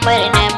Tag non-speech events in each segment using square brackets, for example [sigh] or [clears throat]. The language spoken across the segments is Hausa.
I'm waiting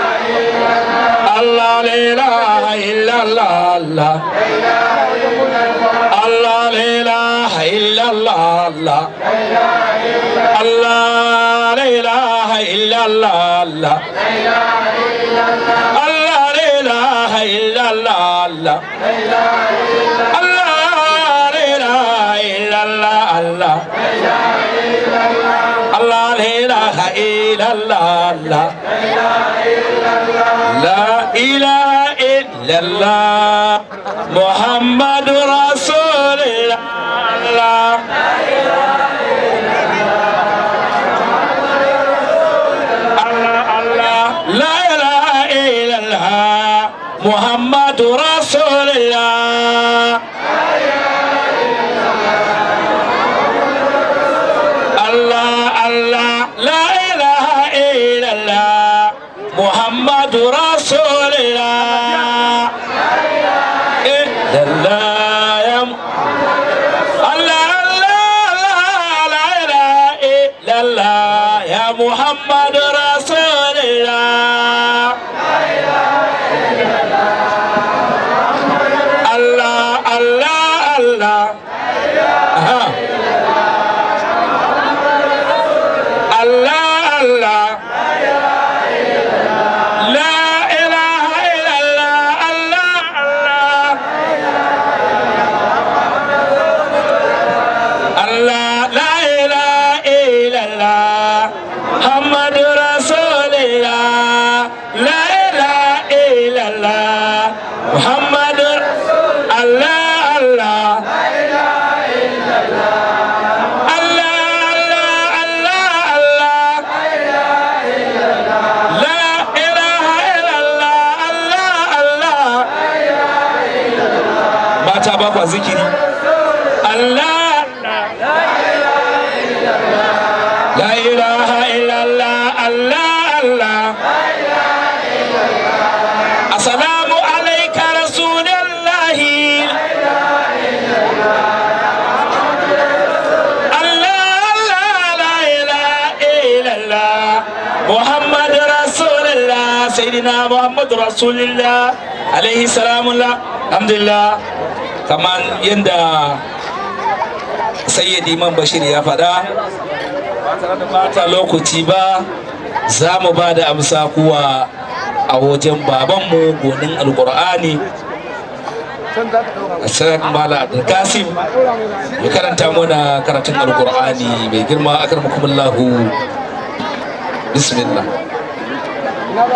الله لا إله إلا الله الله الله لا إله إلا الله الله الله لا إله إلا الله الله الله لا إله إلا الله الله الله لا إله إلا الله الله لا إله إلا إلا الله لا إله إلا الله محمد رسول الله assalamu alaika rasulullahi Allah Allah la ilaha alaihi salamullah alhamdulillah kamar yadda sayyidi man bashir ya faɗa ba lokaci ba za mu ba da amsa kuwa a wajen babanmu gonin alkur'ani Bala Mala Kasim ya karanta mana karatun alkur'ani mai girma a akar Lahu, bismillah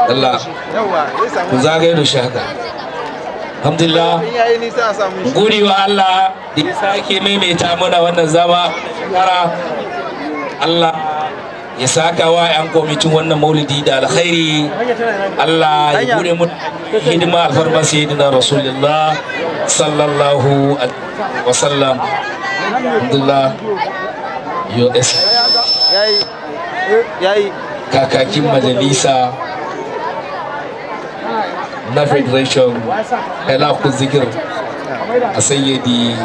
Allah ku zagaye da shi haka alhamdulillah guri wa Allah da ya sake maimaita mana wannan zama kara Allah ya saka wa 'yan komitin wannan maulidi da alkhairi Allah ya bude mu hidima alfarma sayyidina rasulullah sallallahu alaihi wa sallam alhamdulillah US kakakin majalisa na federation ku zikir a sayyadi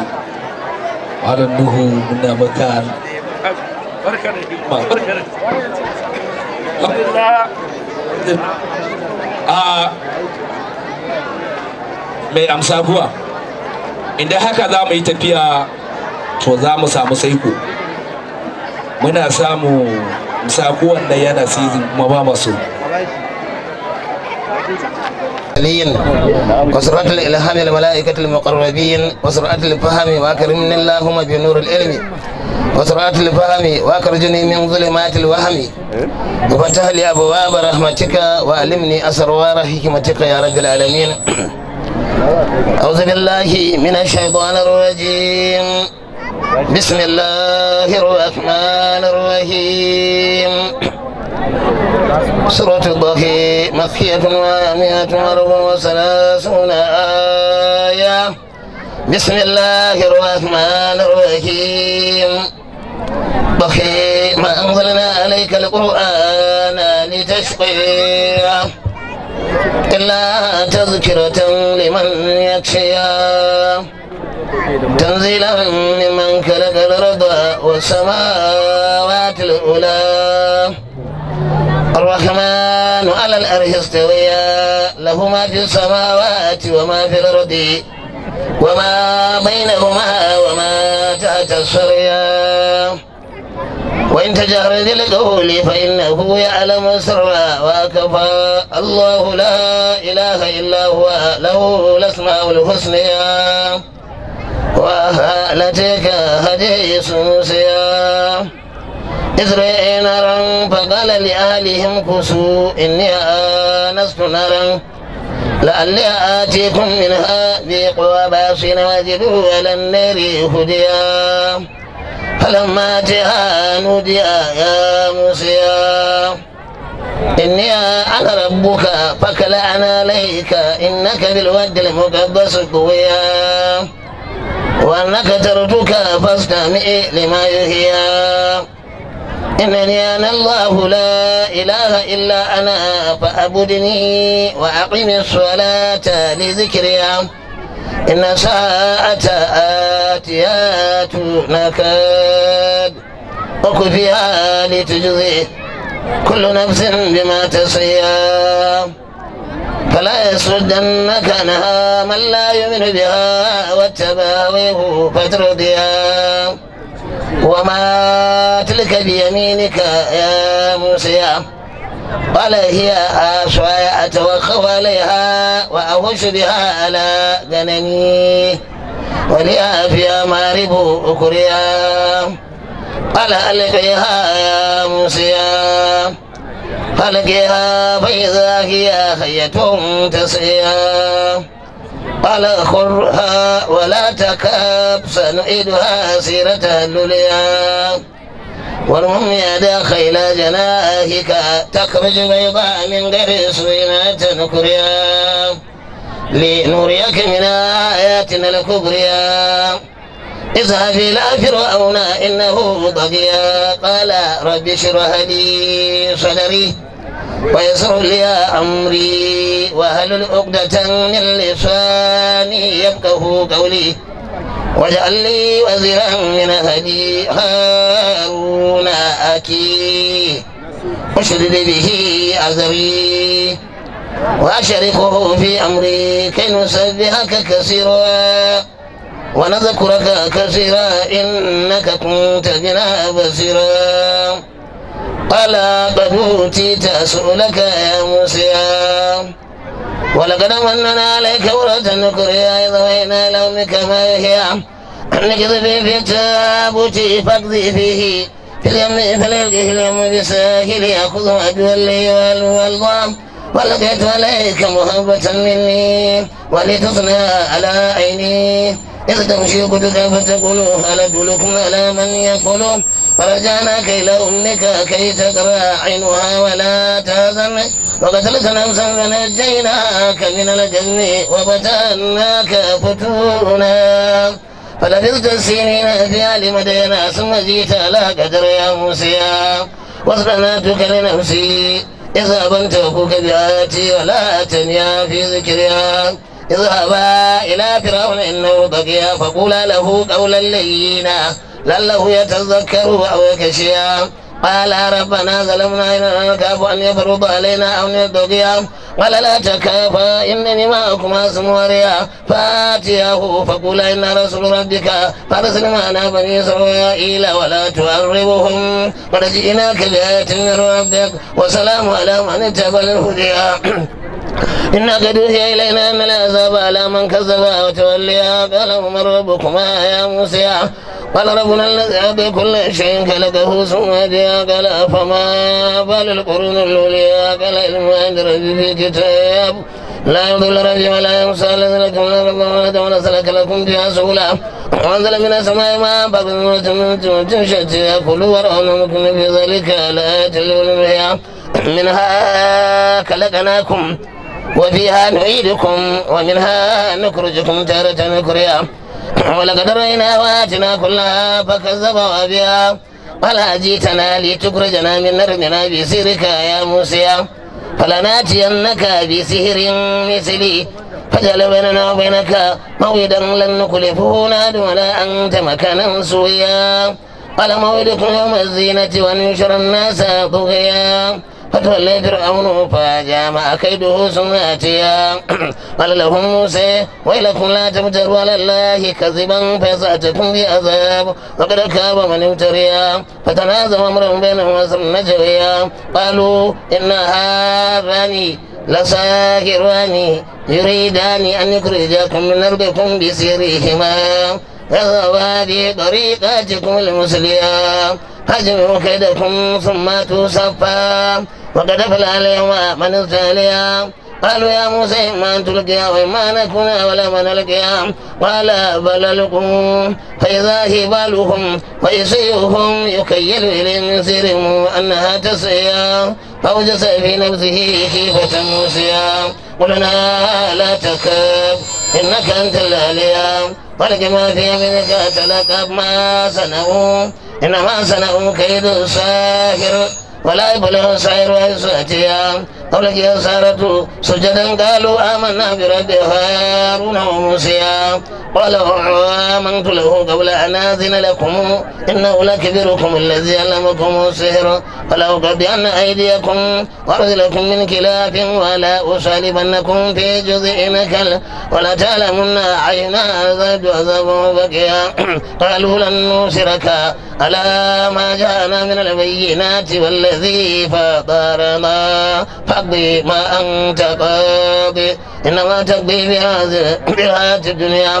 Wa nuhu muna maka Ah, mai amsa kuwa inda haka za mu yi tafiya to za mu samu saiko muna samu sakuwan da yana sizin kuma ba masu العليين وسرعة الإلهام الملائكة المقربين وسرعة الفهم وأكرمني اللهم بنور العلم وسرعة الفهم وأخرجني من ظلمات الوهم وفتح لي أبواب رحمتك وألمني أسرار حكمتك يا رب العالمين أعوذ بالله من الشيطان الرجيم بسم الله الرحمن الرحيم سورة الضحى مكية ومئة ورب وثلاثون آية بسم الله الرحمن الرحيم ضحى ما أنزلنا عليك القرآن لتشقي إلا تذكرة لمن يخشيا تنزيلا ممن خلق الأرض والسماوات الأولى الرحمن على الأرش استويا له ما في السماوات وما في الأرض وما بينهما وما تحت السريا وإن تجهر بالقول فإنه يعلم السر وأكفى الله لا إله إلا هو له الأسماء الحسنى تلك حديث سيام إذ رأي نارا فقال لأهلهم كسوا إني آنست نارا لعلي آتيكم منها بقوى باصين وجدوا على النار هديا فلما أتيها نودي يا موسى إني أنا ربك فكلعن عليك إنك بالود المقدس طويا وأنك ترتك فاستمع لما يهيا إنني أنا الله لا إله إلا أنا فأبدني وأقم الصلاة لذكري إن ساعة آتيات نكاد وكفيها لتجزي كل نفس بما تسيا فلا يسردنك عنها من لا يؤمن بها واتباويه فترديا وما تلك بيمينك يا موسى قال هي عصاي أتوخف عليها وأهش بها على غنمي ولي فيها مارب أكريا قال ألقيها يا موسى فلقيها فإذا هي خية تسعيا قال خرها ولا تكاب سنعيدها سيرتها اللوليا وارمم يدا خيل جناحك تخرج بيضاء من غير سوينا تنكريا لنريك من آياتنا الكبريا اذهب إلى فرعون إنه طغيا قال رب اشرح لي صدري ويسر لي أمري وهل عقدة من لساني يفقه قولي واجعل لي وزيرا من هدي هارون أكي أشرد به أزري وأشركه في أمري كي نسبحك كثيرا ونذكرك كثيرا إنك كنت بنا بصيرا قال قد أوتيت سؤلك يا موسى ولقد مننا عليك ورة نكريا أيضا وإنا إلى أمك ما يحيى نكذب في التابوت فاقضي فيه في اليم فليلقه اليم بساهل يأخذ عدوا لي والظام ولقيت عليك محبة مني ولتصنع على عيني إذ تمشي قدك فتقول هل أدلكم على من يقولون ورجعنا كيل أمك كي تقرأ عينها ولا تهزن وقتلت نفسا فنجيناك من الجن وبتناك فتونا فلبثت السنين في اهل مدينة ثم جئت على قدر يا موسى واصطنعتك لنفسي اذهب أنت أخوك بآياتي ولا تنيا في ذكرها اذهبا إلى فرعون إنه بقي فقولا له قولا لينا لعله يتذكر أو يكشيا قال ربنا ظلمنا ان كافوا أن يفرض علينا أو نتقيا قال لا تكافى إنني معكما وريا فآتياه فقولا إن رسول ربك فأرسل معنا بني إسرائيل ولا تعربهم قد جئناك بآية من ربك وسلام على من اتبع الهدية إنا قد أوحي إلينا أن العذاب على من كذب وتولي قال من ربكما يا موسى قال ربنا الذي كل شيء خلقه ثم جاء قال فما بال القرون الاولياء قال علم عند في كتاب لا يضل ربي ولا ينسى الذي لكم لا رب ولا ونسلك لكم بها سبلا وانزل من السماء ماء فقدمت من تمشتها كلوا ورعوا ممكن في ذلك الايات للمحيا منها خلقناكم وفيها نعيدكم ومنها نخرجكم تارة نكريا [coughs] ولقد رأينا وآتنا كلها فكذب وأبيها ولا جئتنا لتخرجنا من نرمنا بسيرك يا موسى فلناتينك بسير مثلي فجعل بيننا وبينك موعدا لن نخلفه ناد ولا أنت مكانا سويا قال موعدكم يوم الزينة وأن ينشر الناس بغيا فتولي فرعون فجامع كيده ثم أتيا [clears throat] قال لهم موسى ويلكم لا تمتروا على الله كذبا فيسأتكم بعذاب وقد كاب من ابتريا فتنازعوا أمرهم بينهم وأسروا النجويا قالوا إن هذان لساهران يريدان أن يخرجاكم من أرضكم بسيرهما فهو في طريقتكم المسلمة هجموا كيدكم ثم تصفى وقد أفلح اليوم من استهليا قالوا يا موسى إما أن تلقي وإما نكون ولا من نلقي قال بل لكم فإذا هبالهم ويصيهم يكيل إليهم من سيرهم أنها تسعيا فوجس في نفسه خيفة موسيا قلنا لا تكب إنك أنت الأليا في يمنك تلقى ما صنعوا إنما صنعوا كيد ساحر ولا يبلغ سائر ويسوتيا قالت يا سارة سجدا قالوا آمنا برب هارون وموسى قال آمنت له قبل أن آذن لكم إنه لكبيركم الذي علمكم السحر أن أيديكم لكم من كلاف ولا أصلبنكم في جذع نكل تعلمن عينا ذات عذاب بكيا قالوا لن نوسرك على ما جاءنا من البينات والذي فطرنا الدنيا انما चके व्याज الدنيا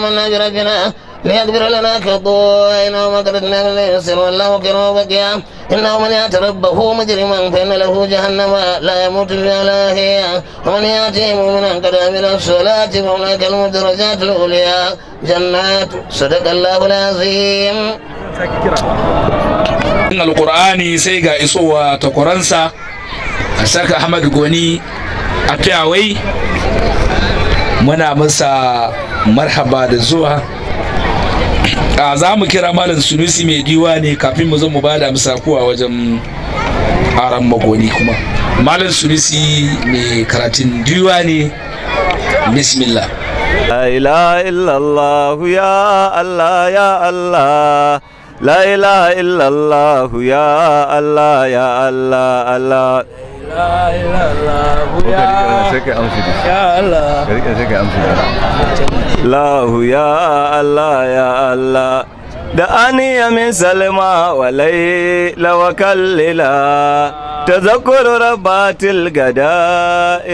व्याज हिन ليغفر لنا خطائنا وما تركنا من يسر والله كرم بقيا إنه من يأت ربه مجرما فإن له جهنم لا يموت في لا ومن يأتي مؤمنا قد عمل الصلاة فأولئك المدرجات الأولياء جنات صدق الله العظيم إن القرآن سيقى إسوة تقرنسا أساك أحمد قوني أكياوي منا masa marhaba da a za mu kira malam sunusi mai diwa ne kafin mu zo mu ba da amsa a wajen aran magoni kuma malam sunusi mai karatun diwa ne bismillah la ilaha illallah ya allah ya allah la ilaha illallah ya allah ya allah allah la allah ya allah ya allah الله يا الله يا الله da ani aniyamin salima walai lawakallila ta zakuru rabatil gada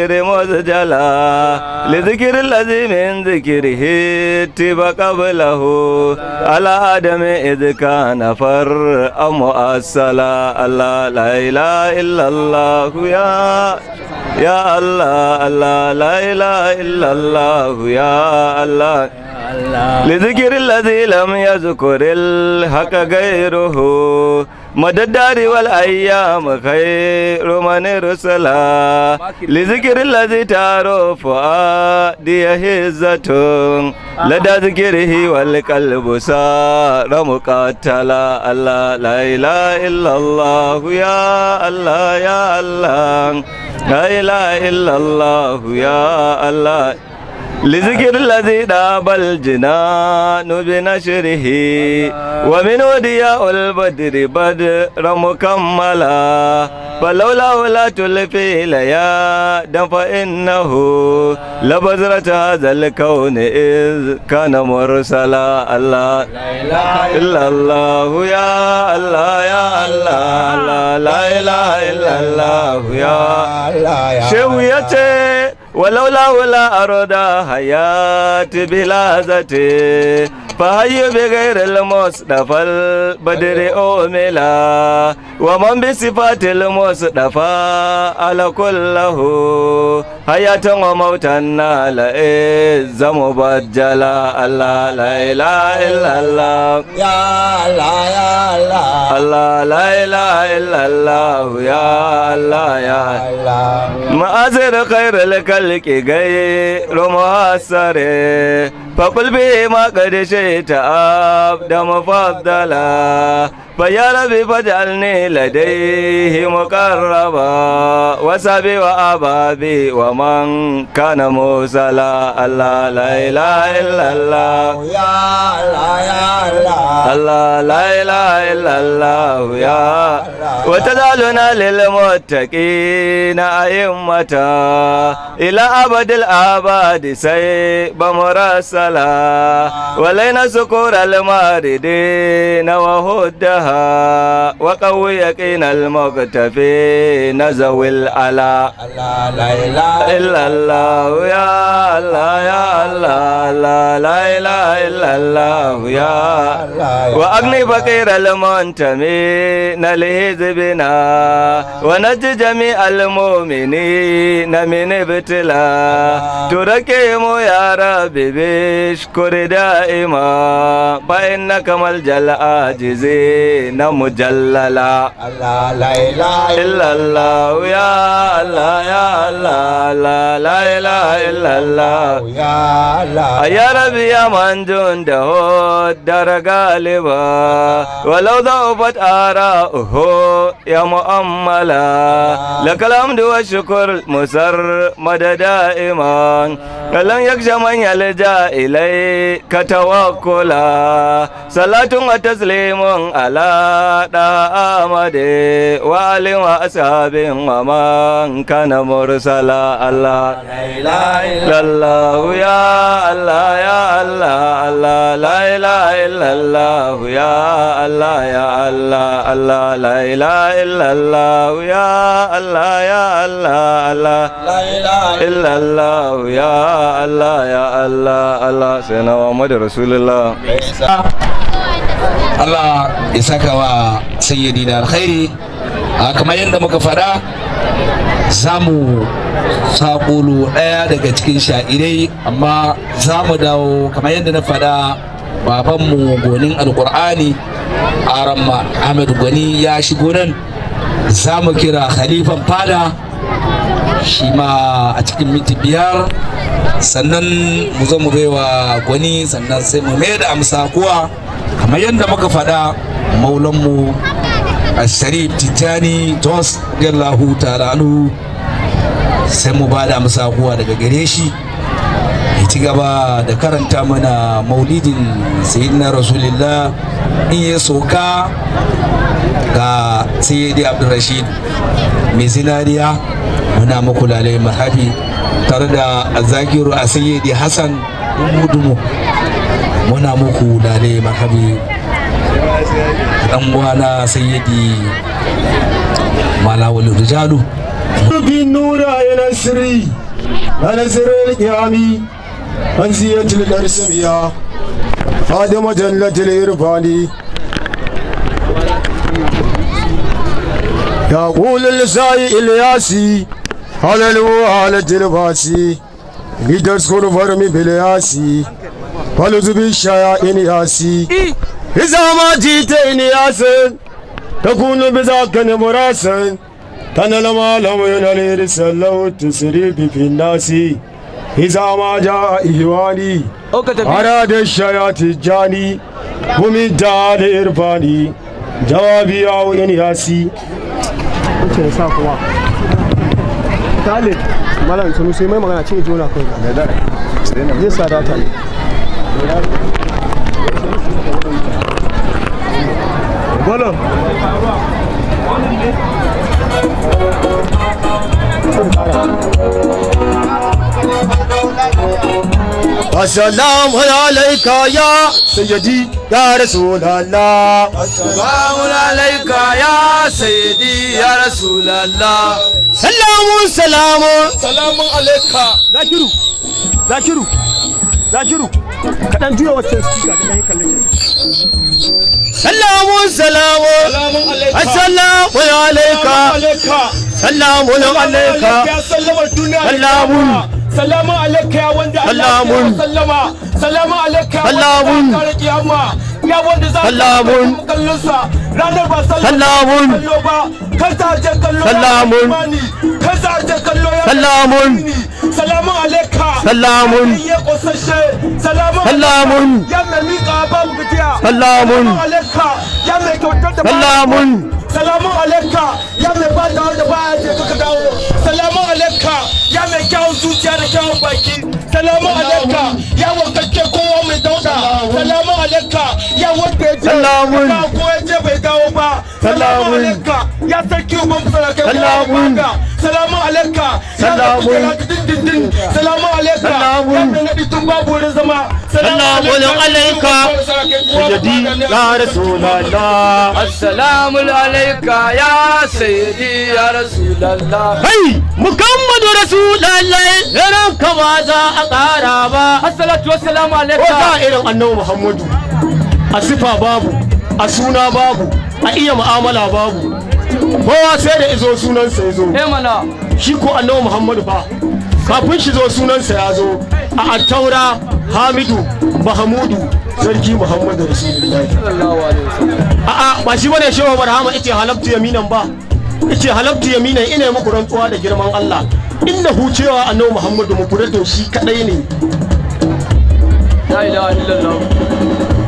irimoz jala lizikir lazimin zikiri hiti ba kabilahu ala adami izika nafar amu asala allah la ilaha illallah ya ya allah allah Laila ilaha illallah ya allah Lizikirin lazilan ya zukuril haka gairu ho, madaddari walayya makai rumane rusala. Lizikirin lazitaro fu a diyaye zato, ladaz girki wal kalbusa. Ramu katala Allah! Layla illa Allah! Huya Allah! Ya Allah! Layla illa Allah! Huya Allah! لذكر الذي داب الجنان بنشره ومن ودياء البدر بدر مكملا فلولا ولا تلفي ليا دم فإنه لبذرة هذا الكون إذ كان مرسلا الله لا إله إلا الله يا الله يا الله لا إله إلا الله يا الله يا شويته ولولا ولا أرد حياة بلا ذاتي fahayyo bigairar lamos dafal badire omela wa man bi sifati lamos dafa ala kullahu hayatan wa mautan na la'e zamu bajjala allah la ila illa allah ya allah ya allah allah la ila illa allah ya allah ya allah ma'azir khairul kalki gai rumasare فقل بما قد شئت عبدا مفضلا فيا ربي فاجعلني لديه مقربا وسبي وأبابي ومن كان موسلا الله لا إله إلا الله يا الله يا الله الله لا إله إلا الله يا وتجعلنا للمتقين أئمة إلى أبد الآباد سيب مرسلا wala walai na sukur almaridi na wahudaha wa kawu yaqin almuktafi na zawil ala la la ya la ala. la la la ila illa allah ya wa agni bakir almuntami na lihizbina wa najji jami almu'mini na min ibtila turake mu ya rabbi yashkuri da'ima fa inna kamal jal ajizi na mujallala allah la ilaha illallah ya allah ya allah la la ilaha illallah ya allah ya rabbi ya man jun da ho daragaliba walau dhaufat ara'uhu ya mu'ammala lakal hamdu daima. shukr musar madada'iman lan yakshaman yal ja'i ilai ilaika tawakkula salatun wa taslimun ala da amade wa alin wa ashabin wa man kana mursala Allah la ilaha illallah ya Allah ya Allah Allah la ilaha illallah ya Allah ya Allah Allah la ilaha illallah ya Allah ya Allah Allah la ilaha illallah ya Allah ya Allah Allah sai na da Rasulullah Allah ya saka wa sayyidi da alkhairi a ah, kamar yadda muka faɗa za mu saƙulu ɗaya daga cikin sha'irai amma za mu dawo kamar yadda na faɗa babanmu gonin alƙur'ani aramma ahmed gwani ya shigo nan za mu kira khalifan fada shi ma a cikin minti biyar sannan mu zo mu baiwa gwani sannan sai mu mai da amsa kuwa kamar yadda muka faɗa maulanmu a sharif tijjani tos gallahu taranu sai mu ba da amsa kuwa daga gare shi ya ci gaba da karanta mana maulidin sayyidina rasulillah in ya soka ga sayyidi abdulrashid mai zinariya muna muku lalai marhabi tare da zakiru a sayyidi hassan dumu muna muku lalai marhabi dan uwana sayyidi malawul rijalu bin nura ya nasiri na nasirin an fadima irfani يقول السائل ياسي Hallelujah, let Jenovasi. Leaders go over me, Beleasi. Follow to be Shire in the Asi. Is our Jita in Asen. Takuna Bizaka Nemorasan. Tanalama Lamayana ladies allow to sleep in Nasi. Is our Maja Iwani. Ara de Shire Tijani. Bumi Dad Irvani. Jawabi Aw in the Asi. Okay, it's Khalid malam sun sai mai magana ce jona kai da da yes Salamu salamu salamu alaika zakiru zakiru zakiru ka dan juya wacce suka dan ɗan kallon Salamu salamu assalamu alaika Assalamu alaika Salamu alaika salamun salamu alaika ya wanda Allah ya sallama salamu alaika ya wanda salamun salamu alaika ya mai ba da wanda baya je ka dawo salamu alaika ya mai kyawun zuciya da kyawun baki salamu alaika ya wankakke kowa mai dauda salamu alaika ya wanda ya je ka ko ya je bai dawo ba salamu alaika ya sarki uban musalakai ko ya banga salamun alaika ya mai kujera dindindin salamun alaika ya mai nadi tun babu wurin zama السلام عليك سيدي يا رسول الله السلام عليك يا سيدي يا رسول الله هاي محمد رسول الله يرام كوازا ذا أقاربا الصلاة والسلام عليك وزائر أنه محمد أصفى بابو أسونا بابو أي معاملة بابو kowa sai إزو سونا سيزو ya zo shi ko annabi muhammadu fa kafin shi zo sunansa ya a attaura hamidu mahamudu sarki muhammadu rasulullahi a ba shi bane shehu barhama ita halabtu yaminan ba ita halabtu yaminan ina muku rantsuwa da girman Allah inna hu cewa annabi muhammadu muku mukuratun shi kadai ne la ilaha illallah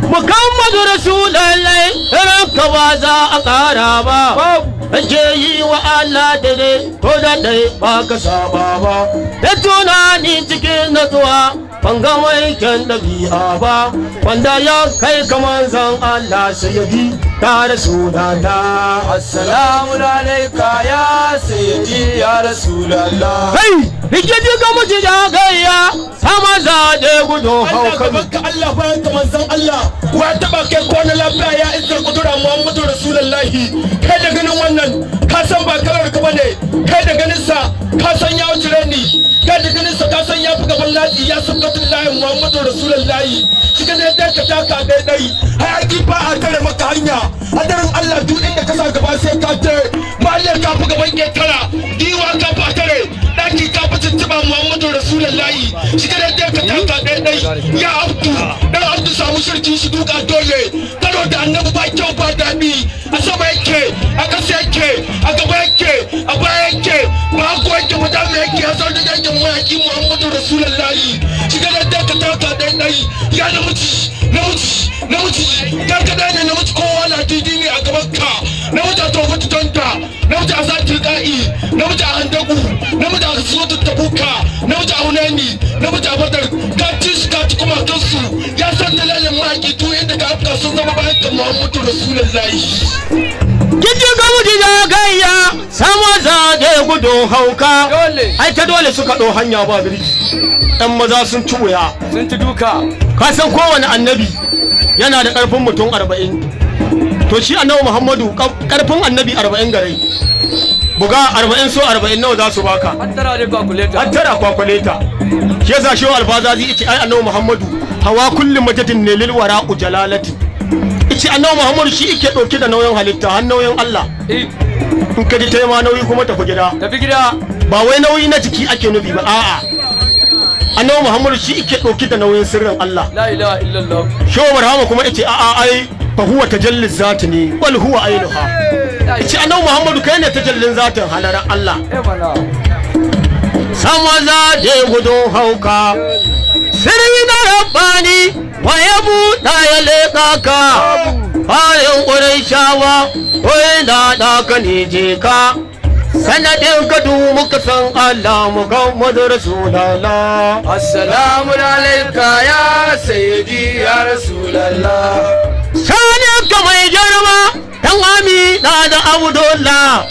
muhammadu rasulullahi ranka ba za a kara ba kake yi wa Allah da ko to da dai ba ka saba ba da tunani cikin natsuwa ban mai kyan ɗabi'a ba wanda ya kai kamar zan Allah sai ya bi يا رسول الله السلام عليك يا سيدي يا رسول الله هاي rikici ga mutu da gayya sama za da gudu haukan Allah ba ta manzon Allah wa taba kai ko na lafiya ya isa kudura Muhammadu Rasulullahi kai da ganin wannan ka san ba kalar ka bane kai da ganin sa ka san ya wuce ni kai da ganin sa ka san ya fi gaban latsi ya san gatun layin muhammadu rasulullahi shiga ne da ka taka dai dai hayaki ba a tare maka hanya hadarin Allah duk inda ka sa gaba sai ka ta maliyar ka fi gaban kara diwa ka fi tare daki ka fi tuntuba muhammadu rasulullahi shiga ne da ka taka dai dai ya abdu dan abdu samu shirki shi duka dole karo da annabi ya zo da dangin mayaki muhammadu rasulullahi shiga da taka taka dai dai ya na namiji na namiji kar ka dai namiji kowa na didi ne a gaban ka na namiji a tofa tutonta namiji a zaki ka'i namiji a handaku namiji a kasuwa tattabuka namiji a hunani namiji a badar ka ci su ka ci kuma kansu da sun zama bayan muhammadu rasulullahi gayya sama za gudun hauka ai ta dole suka ɗau hanya ba birki ɗan maza sun ci wuya sun ci duka ka san kowane annabi yana da ƙarfin mutum arba'in to shi annabi muhammadu ƙarfin annabi arba'in gare buga arba'in so arba'in nawa za su baka hattara tara kwakuleta hattara kwakuleta shi yasa shi zai ce ai annabi muhammadu hawa kullu majatin ne lil wara jalalati ice annabi muhammadu shi yake dauke da nauyin halitta har nauyin Allah eh. in ka ji ma nauyi kuma tafi gida tafi gida ba wai nauyi na jiki ake nubi ba a'a annabi muhammadu shi yake ɗauki da nauyin sirrin allah la ilaha illallah shehu barhama kuma ice a'a ai fa huwa tajalli zati ne wal huwa ainuha ci annabi muhammadu kai ne tajallin zatin halarar allah eh, sama za je gudun hauka sirri na rabbani wa ya buɗa ya leƙa ka bayan ƙurai shawa wai na ɗaka ne je ka sanadin ka muka san Allah Muhammadu Rasulallah Assalamu alaika ya sayyidi ya Rasulallah saninka mai girma dan na da abdullah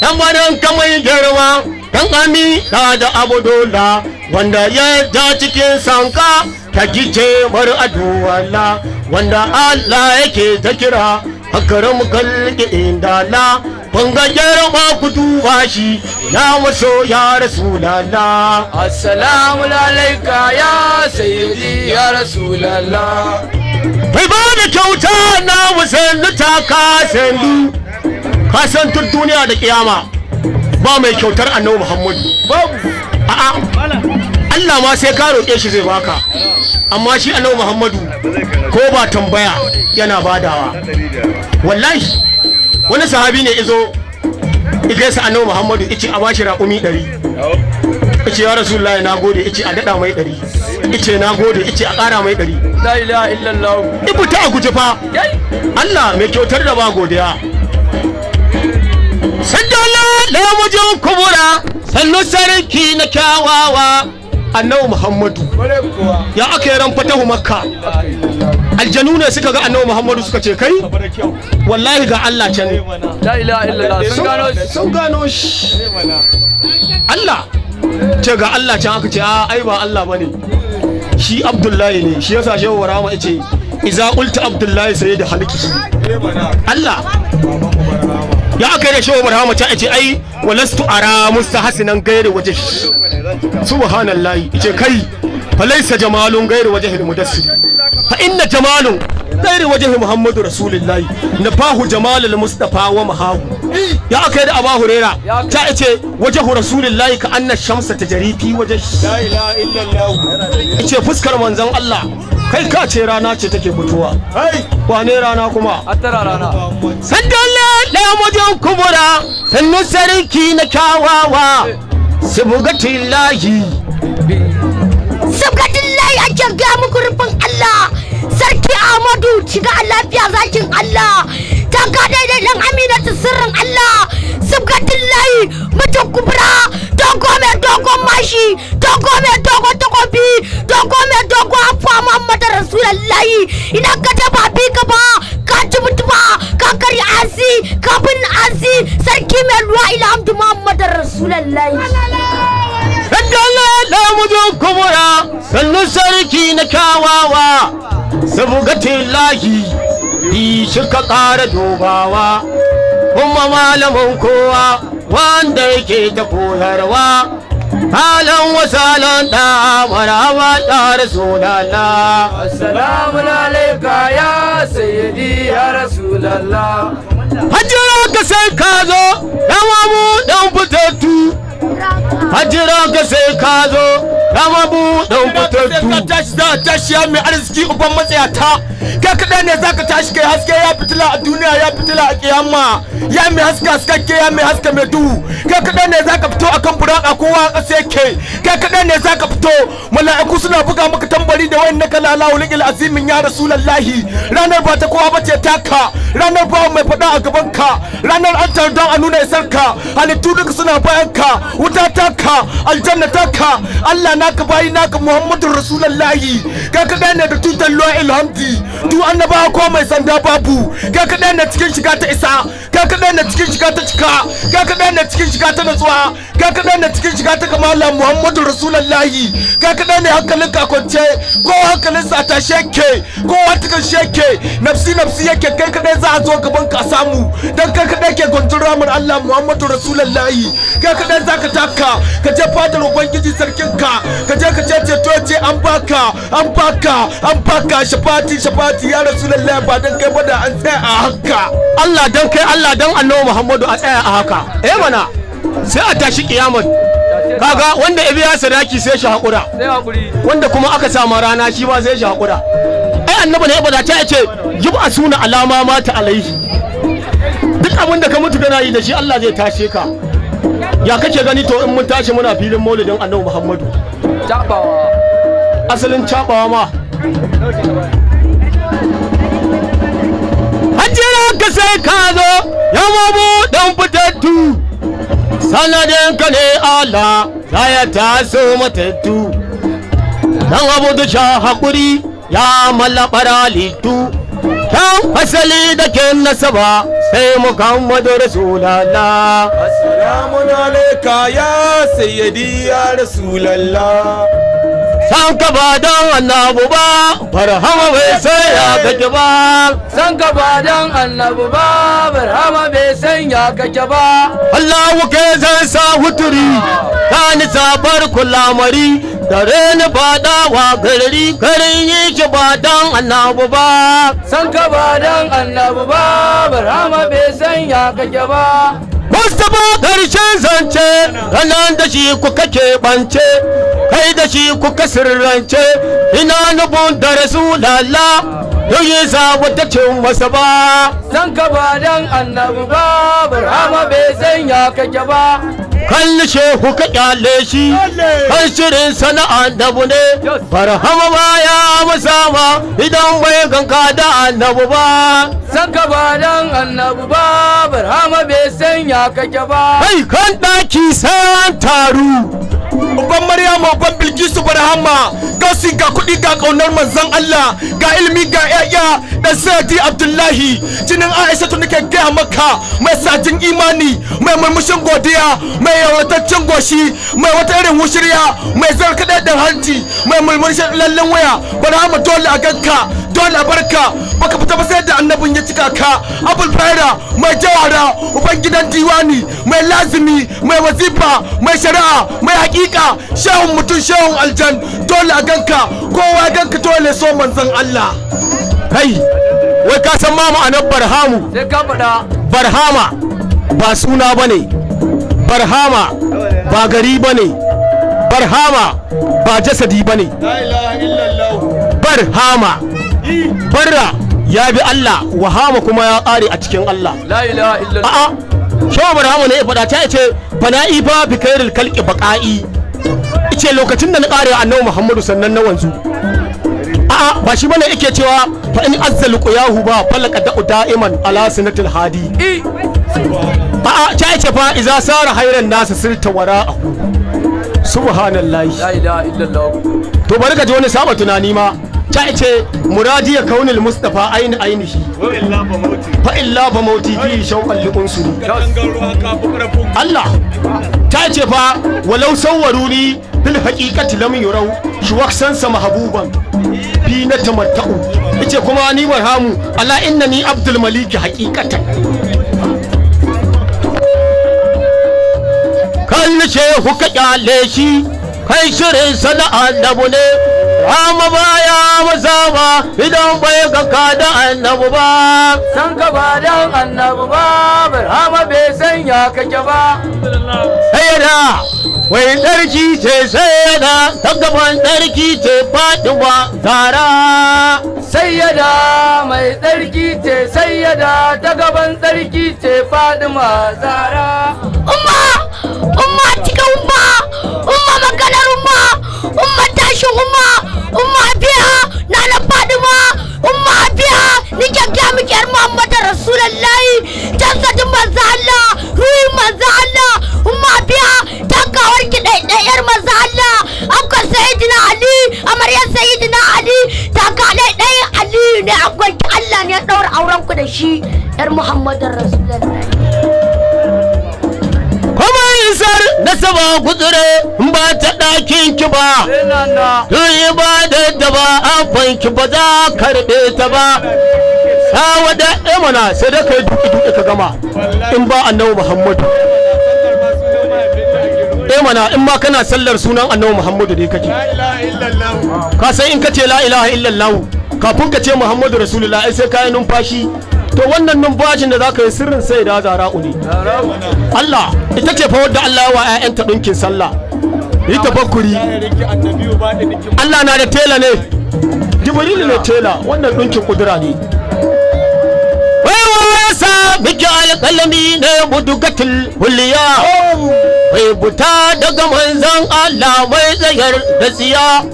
dan barinka mai girma dan na da abdullah wanda ya ja cikin sanka ta gice bar aduwala wanda allah yake ta kira akaram kalki indala bangajar ma ku duba shi na maso ya rasulala assalamu alaika ya sayyidi ya rasulala bai ba kyauta na musannu ta kasandu kasantar duniya da kiyama ba mai kyautar annabi muhammadu a'a Allah ma sai ka roƙe shi zai baka amma shi annabi muhammadu ko ba tambaya yana badawa wallahi wani sahabi ne izo igaisa annabi muhammadu ice a bashi raƙumi ɗari ice ya rasulullahi na gode ice a daɗa mai ɗari ice na gode ice a ƙara mai ɗari la ilaha illallah ibu ta a fa Allah mai kyautar da ba godiya Allah da wajen kubura sallu sarki na kyawawa annabi muhammadu ya aka ran fatahu makka aljanu ne suka ga annabi muhammadu suka ce kai wallahi ga allah can sun gano shi allah ce ga allah can aka ce a ah, ai ba allah ba ne shi abdullahi ne shi yasa shehu warama yace iza qulta abdullahi sai da halki Allah ya aka da shehu warama ta yace ai walastu ara mustahsinan gairi waje subhanallahi yace kai falaysa jamalun gairi waje mudassir fa inna jamalun gairi wajen muhammadu rasulullahi na fahu jamalul mustafa wa mahahu ya aka yi da abu hurera ta ce wajen rasulullahi ka anna shamsa ta jarifi wajen ce fuskar manzan Allah kai ka ce rana ce take fitowa wane rana kuma sandalla ɗaya wajen kubura sannu sarki na kyawawa subgatillahi subgatillahi wallahi ake ga muku rufin Allah sarki Ahmadu shiga lafiya zakin Allah ta ga daidai dan ta sirrin Allah layi mutum kubra dogo mai dogon mashi dogo mai dogon takobi dogo mai dogon afuwa Muhammadu Rasulullahi ina ka taba bi ka ba ka ci mutuwa ka kari asi ka bin asi sarki mai ruwa ila Muhammadu Rasulullahi da mujo kumura sannu sarki na kyawawa sabugatin lahi di shika ƙara dubawa kuma malamin kowa wanda yake ta koyarwa halan wasalan da tare ya rasulalla assalamu alaika ya sayyidi ya rasulalla hajjira ka sai ka zo dan wamu dan fitattu hajjira ka sai ka zo na mabuɗin fitattu ka tashi za a tashi ya mai arziki uban matsayata ka kaɗai ne za ka tashi kai haske ya fitila a duniya ya fitila a kiyama ya mai haska haskakke ya mai haska mai duhu ka kaɗai ne za ka fito akan buraka kowa a ƙasa yake ka kaɗai ne za ka fito mala'iku suna buga maka tambari da wayan naka lala wulikil azimin ya rasulallahi ranar ba ta kowa ba ce taka ranar ba mai faɗa a gaban ka ranar an don a nuna isar ka halittu duka suna bayan ka wuta ka aljanna ka Allah naka bayi naka Muhammadu Rasulullahi ka kaɗai ne da tutan lo ilhamdi tu annabawa ko mai sanda babu ka kaɗai ne cikin shiga ta isa ka kaɗai ne cikin shiga ta cika ka kaɗai ne cikin shiga ta natsuwa ka kaɗai ne cikin shiga ta kamala Muhammadu Rasulullahi ka kaɗai ne hankalin ka kwance ko hankalin sa ta sheke ko wata kan sheke nafsi nafsi yake kai kaɗai za a zo gaban ka samu dan kai kaɗai ke gundun ramar Allah Muhammadu Rasulullahi ka kaɗai za za ka taka ka je fadar ubangiji sarkinka ka je ka ce ceto ce an baka an baka an baka shafati shafati ya rasulullahi ba dan kai ba da an tsaya a haka Allah dan kai Allah dan annabi Muhammadu a tsaya a haka eh mana sai a tashi kiyamar kaga wanda ibi ya sadaki sai shi hakura. wanda kuma aka sama rana shi ba sai shi hakura ai annabi ne ba za ta ce yub asuna alama mata alaihi duk abin da ka mutu kana yi da shi Allah zai tashe ka ya kake gani to in mun tashi muna filin maulidin annabi muhammadu asalin cabawa ma hajjira ka sai ka zo ya mamu dan fitattu sanadin ka ne allah za ya taso matattu dan abu da sha haƙuri ya mallaɓar halittu dan asali da ke nasaba sai muhammadu rasulallah assalamu alaika ya sayyidi ya rasulallah san ka ba don annabu ba farhama bai san ya kake ba san ka ba don annabu ba farhama bai san ya kake ba Allahu ke zan sa huturi ta ni sabar kullamari Dare ni fada wa gari karin yi shi ba dan annabu ba. San ka ba dan annabu ba, Barhama bai sanya kake ba. Mustapha ƙarshen zance, ranar da shi ku kake bance, kai da shi ku sirrance, ina nufin da Rasulallah. Yau yi sa wata cin masa ba. San ka ba dan annabu ba, Barhama bai sanya kake ba. kalli shehu ka kyale shi kan shirin sana'a dabu ne barhama baya ya ma idan bai ganka da annabu ba san ka ba dan annabu ba barhama bai sanya kake ba kai kan daki san taru uban maryama uban bilkisu ga gausi ga kuɗi ga ƙaunar manzon allah ga ilimi ga yaya da sadi abdullahi jinin aisha tun nake gaya maka mai sajin imani mai murmushin godiya mai yawataccen goshi mai wata irin wushirya mai zarka da hanci mai murmushin lallen waya barahama dole a ganka dole a barka baka fita ba sai da annabin ya cika ka abul faira mai jawara uban gidan diwani mai lazimi mai wazifa mai shari'a mai haƙi. hakika shehun mutum shehun aljan dole a ganka kowa ganka dole so manzon Allah kai wai ka san mamu anan barhamu sai ka faɗa barhama ba suna bane barhama ba gari bane barhama ba jasadi bane barhama barra ya bi Allah wahama kuma ya ƙare a cikin Allah la ilaha illallah a'a shawar barhama ne ya faɗa ta ce bana'i ba bi kairil kalki baƙa'i ce lokacin da na kare annabi muhammadu sannan na wanzu a'a ba shi bane yake cewa fa in azzal quyahu ba falaka da'u da'iman ala sinatil hadi a'a ta yace fa iza sara hayran nasu sirta wara'ahu subhanallahi la ilaha illallah to bari ka ji wani saba tunani ma ta yace muradi ya kaunil mustafa aini shi fa illa fa mauti fi shauqan li unsuri Allah ta yace fa walau sawwaruni bil haqiqati lam yurau shuwaksansa mahabuban bi na tamatta'u ice kuma ni barhamu ala ni abdul malik haqiqatan kan shehu ka kyale shi kai shirin sana annabu ne Hama baya maza ba idan bai ga ka da annabu ba san ka ba da annabu ba bai sanya kake ba sai wai tsarki ce sayyada ta gaban tsarki ce fatima tara sayyada mai tsarki ce sayyada ta gaban tsarki ce fatima zara umma umma cika umma umma maganar umma umma tashin umma umma biya na na fatima mafiya nike ga miki yar muhammadu rasulullahi tansatin manzo Allah ruhin manzo Allah mafiya takawar ki ɗaiɗayar manzo Allah akwai sayyidina Ali amaryar sayyidina Ali taka ɗaiɗayin Ali ne akwai Allah ne ya ɗaura auren ku da shi yar muhammadu rasulullahi isar nasaba gudure ba ta ɗakin ki ba to yi ba da ba amfan ki ba za karɓe ta ba sawa da imana sai da kai duk duk ka gama in ba annabi muhammadu eh mana in ma kana sallar sunan annabi muhammadu ne kake ka san in ka ce la ilaha illallah kafin ka ce muhammadu rasulullah ai sai kayan numfashi to wannan numfashin da za ka yi sirrin sai da zara'u ne Allah ita ce fa wadda Allah ya wa 'ya'yanta ɗinkin sallah yi tafakkuri Allah na da tela ne jibrilu ne tela wannan ɗinkin kudura ne biki alƙalami na gatil huliya mai buta daga manzan Allah mai tsayar da tsiya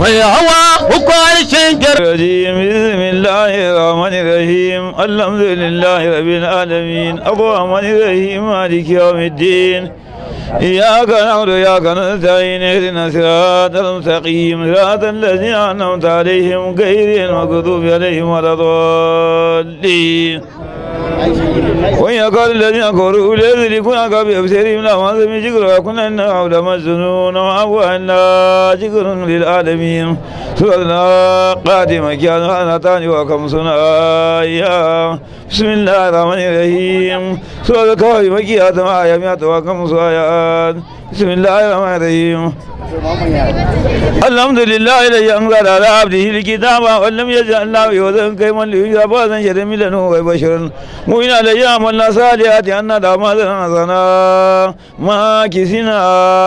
bai hawa hukwarishin gari rajim bismillahi rahmani rahim alhamdulillahi إياك نعبد وإياك نستعين اهدنا صراط المستقيم صراط الذين أنعمت عليهم غير المغضوب عليهم ولا الضالين وإن قال الذين كفروا لا يدركون ليذلكونك بأبصارهم لما سمعوا ذكرا وكنا إنا لمجنون وما إلا ذكر للعالمين سورة قادمة كان تاني وكم آية بسم الله الرحمن الرحيم سورة الكهف كان آية تاني وكم آيات God بسم الله الرحمن الرحيم الحمد لله الذي انزل على عبده الكتاب ولم يجعل له عوضا كيما ليجزى بعضا شر من لدنه وبشرا مؤمنا الذي عملنا صالحات ان لهم اجرا حسنا ما كسنا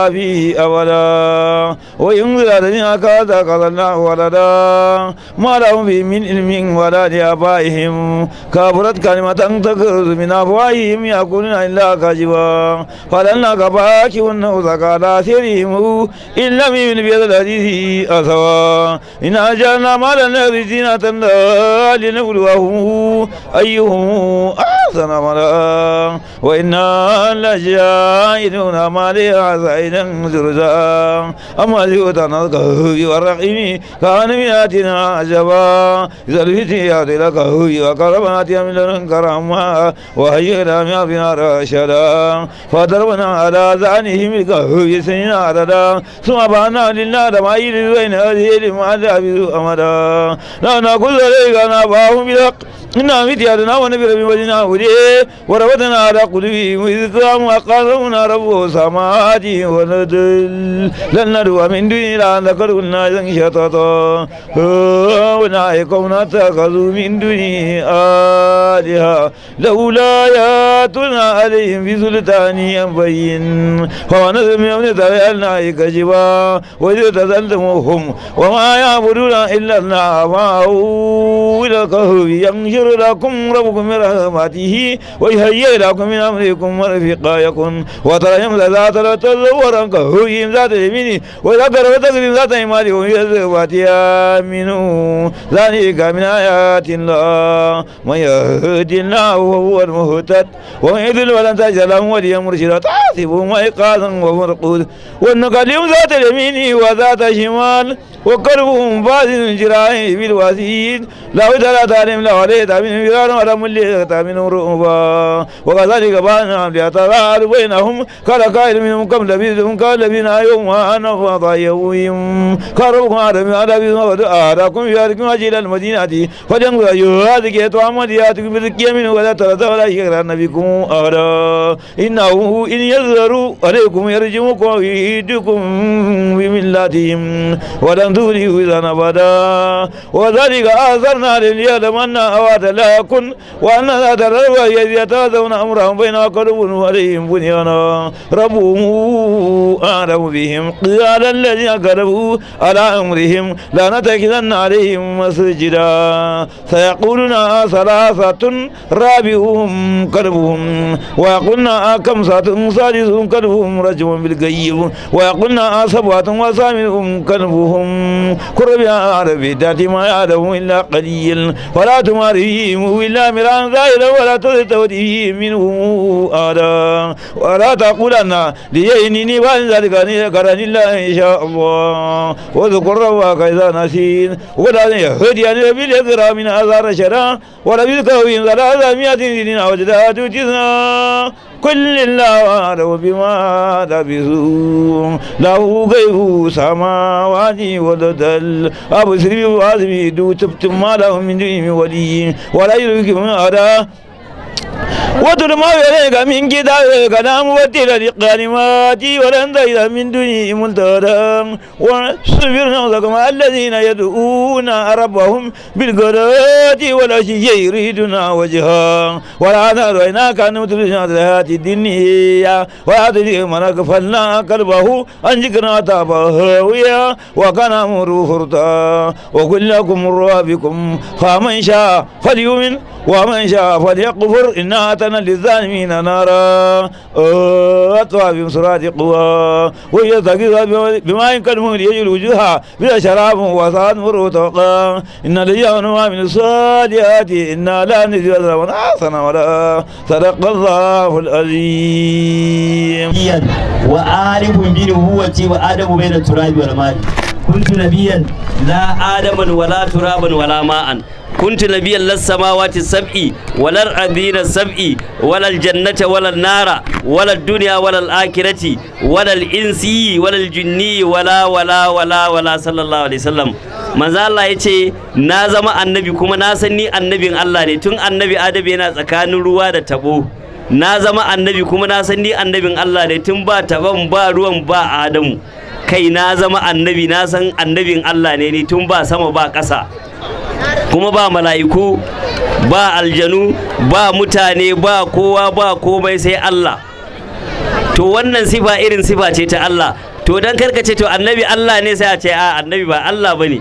فيه ابدا وينزل الذين كذا قال الله ولدا ما لهم فيه من علم ولا لابائهم كبرت كلمة تخرج من افواههم يقولون الا كذبا فلن كباكي أنفسك سيريمو إن لم يكن بهذا الحديث أثوا إنا جعلنا مالا الناس تندى لنبلوهم أيهم أحسن مالا وإنا لجائنون مالي عزائنا زرزا أما زيوتا الكهف والرقيم كان مياتنا عجبا إذا الفتيات إلى الكهف وقربنات من لدن كرما وهي من أبنا رشدا فضربنا على زعنهم الكهف سنين عددا سبحانا لنا رمائي للوين هذه لمعذاب ذو أمدا لنا كل ذلك نباهم بالحق إنا متيادنا ونبي ربي مدينة وليه وربطنا على قلوبهم إذ قاموا أقربنا ربه سماعاتهم ونذل لن ندعو من دون الله أن ذكرنا إذن شططا أولئك هم اتخذوا من دونه آلهة لولا ياتنا عليهم بسلطان بين فمن نظم يوم تبعلنا كجبا وإذ تزلتموهم وما يعبدون إلا الله إلى الكهف ينشر لكم ربكم من رحمته ويهيئ لكم من أمركم مرفقا يكون وترى يمزى ذات التزور كهوهم ذات يمينه وإذا قرب تقريب ذات إيمانه ويزفات يامنوا ذلك من آيات الله من يهد الله وهو المهتد ومن يذل ولن تجد له وليا مرشدا تحسبهم أيقاظا ومرقود والنقلهم ذات اليمين وذات الشمال وقلبهم باسل جراحي بالواسيد لا ودلا تعلم لا عليه تعمين فرار ولا ملي تعمين رؤبا وكذلك بانهم يتغار بينهم قال قائل منهم كم لبثتم قال يوم وانا فضا يوم قال عرب عالم على وقد آراكم في أركم أجل المدينة فلينقل يهاتك يتوامد ياتكم بركي منه ولا ترد ولا شكرا نبيكم أهدا إنه إن يظهروا عليكم يرجمكم ويهدكم بملتهم ولن تبلغوا إذا أبدا وذلك آثرنا لليعلم أن أوات لا يكن وأن لا تروا يتآذون أمرهم بين قلوب وليهم بنيانا ربهم أعلم بهم قال الذين كذبوا على أمرهم لا نتكلن عليهم مسجدا سيقولون ثلاثة رابعهم كذبهم ويقولنا كم سادسهم كذبهم رجعا يعلمون بالغيب ويقولنا أصبات وصامهم كنفهم قرب يا عربي ذات ما يعلم إلا قليل ولا تماريهم إلا مران زائلا ولا تستوديه منهم أدا ولا تقولن ليئنني وأن ذلك قرن الله إن شاء الله واذكر ربك إذا نسيت ولا يهدي ان يعني بالإقرام من أزار شرا ولا بالكوين ثلاثة مئة سنين أو جدات تسعة كل النار وبما لبثوا له غيب السماوات والأرض أبصر بوعظ دوت ما لهم من ولي ولا يدرك ما أراه ودل ما يليك من كتابك لا مبدل لكلماتي ولن تجد من دونه ملتارا واصبر نفسك الذين يدعون ربهم ولا شيء يريدنا وجها ولا نريناك أن متلسنا الحياة الدنيا ولا تدري من أغفلنا قلبه عن ذكرنا تابهويا وكان أمره فرطا وقل لكم ربكم فمن شاء فليؤمن ومن شاء فليكفر إنها وأعتنا للظالمين نارا وأطوى آه، بهم سرات قوى وهي تقيها بما ينكلهم ليجل وجوها بلا شراب وصاد مروتقا إن الذين من الصالحات إنا لا نجد من حسن ولا صدق الله العظيم وعارف بالهوة وآدم بين التراب والمال كنت نبيا لا آدم ولا ترابا ولا ماء كنت نبيا للسماوات السبع ولا الأرضين السبع ولا الجنة ولا النار ولا الدنيا ولا الآخرة ولا الإنس ولا الجن ولا ولا ولا ولا صلى الله عليه وسلم manzo Allah ya ce na zama annabi kuma na san ni annabin Allah ne tun annabi Adam yana tsakanin ruwa da tabo na zama annabi kuma na san ni annabin Allah ne tun ba taban ba ruwan ba Adamu kai na zama annabi na san annabin Allah ne ni tun ba sama ba ƙasa kuma ba mala'iku ba aljanu ba mutane ba kowa ba komai sai Allah to wannan sifa irin sifa ce ta Allah to dan karkace to annabi Allah ne sai a ce a annabi ba Allah bane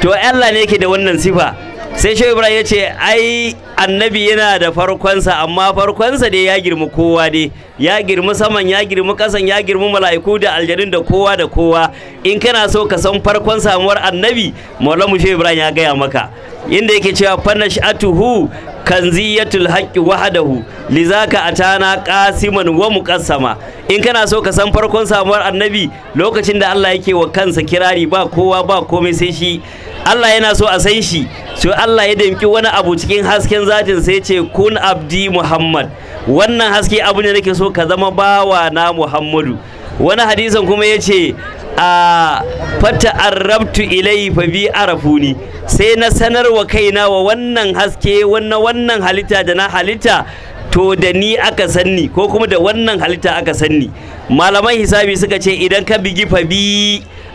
to Allah ne yake da wannan sifa sai shehu ibrahim ya ce ai annabi yana da farkonsa amma farkonsa dai ya girmi kowa dai ya girmi saman ya girmi kasan ya girmi mala'iku da aljanun da kowa da kowa in kana so ka san farkon samuwar annabi mu shehu ibrahim ya gaya maka inda yake cewa fanash atuhu kanziyatul haqqi wahadahu lizaka atana qasiman wa muqassama in kana so ka san farkon samuwar annabi lokacin da Allah yake wa kansa kirari ba kowa ba komai sai shi Allah yana so a san shi so Allah ya damki wani abu cikin hasken zatin sai ce kun abdi Muhammad wannan haske abu ne nake so ka zama bawa na Muhammadu wani hadisan kuma ya ce a fata arabtu ilai fa bi arafuni sai na sanar wa kaina wa wannan haske wannan wannan halitta da na halitta to da ni aka sanni ko kuma da wannan halitta aka sanni malaman hisabi suka ce idan ka bigi fa bi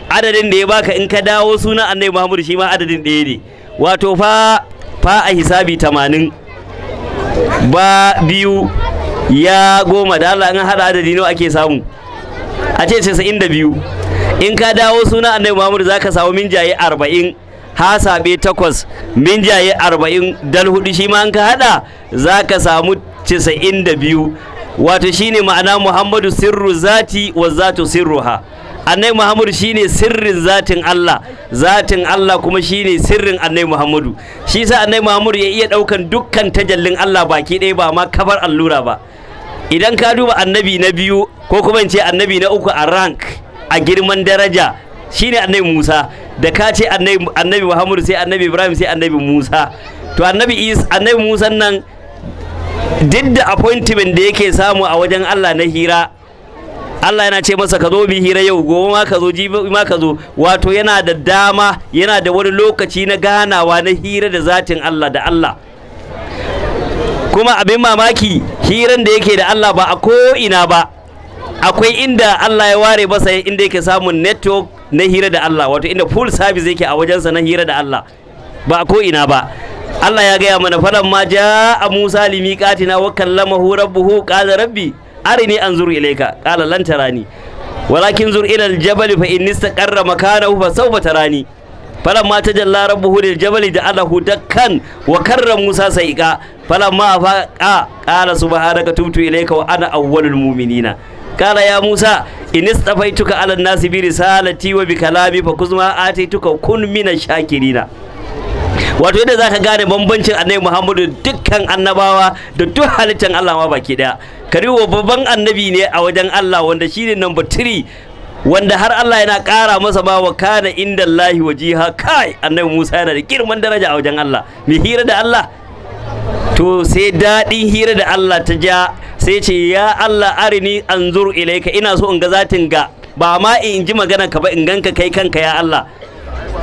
adadin da ya baka in ka dawo suna annabi muhammadu shi ma adadin ɗaya ne wato fa fa a hisabi tamanin ba biyu ya goma da Allah in haɗa adadi nawa ake samu a ce casa'in da biyu in ka dawo suna annabi muhammadu za ka samu minjaye arba'in hasabe takwas minjaye arba'in dal hudu shi ma in ka haɗa za ka samu casa'in da biyu wato shine ma'ana muhammadu sirru zati wa zatu sirruha annai muhammadu shine sirrin zatin Allah zatin Allah kuma shine sirrin annai muhammadu shi sa annai muhammadu ya iya daukan dukkan tajallin Allah baki ɗaya ba ma kabar allura ba idan ka duba annabi na biyu ko kuma ce annabi na uku a rank a girman daraja shine annabi Musa da ka ce annabi Muhammadu sai annabi Ibrahim sai annabi Musa to annabi Is annabi Musa nan duk da appointment da yake samu a wajen Allah na hira Allah yana ce masa ka zo bi hira yau gobe ma ka zo jibi ma ka zo wato yana da dama yana da wani lokaci na ganawa na hira da zatin Allah da Allah kuma abin mamaki hiran da yake da Allah ba a ko ina ba akwai inda Allah ya ware masa inda yake samun network na hira da Allah wato inda full service yake a wajen sa na hira da Allah ba a ko ina ba Allah ya gaya mana falan ma ja a Musa limiqatina wa kallamahu rabbuhu qala rabbi arini anzuru ilayka qala lan tarani walakin zur ila aljabali fa inni istaqarra makanahu fa sawfa tarani ma tajalla rabbuhu liljabali ja'alahu dakkan wa karra musa saiqa falamma a qala subhanaka tubtu ilayka wa ana awwalul mu'minina قال يا موسى nasi bi risalati wa bi kalami fa kuzma ataituka kun من shakirina. wato yadda zaka gane bambancin annabi Muhammadu dukkan annabawa da duk halittar Allah ma baki daya kariwo babban annabi ne a wajen Allah wanda shine number three wanda har Allah yana kara masa ba wa kana inda Allahi wajiha kai annabi Musa yana da girman daraja a wajen Allah mai hira da Allah to sai daɗin hira da Allah ta ja sai ce ya Allah arini anzur ilaika ina so in ga zatin ga ba ma in ji magana ka ba in ganka kai kanka ya Allah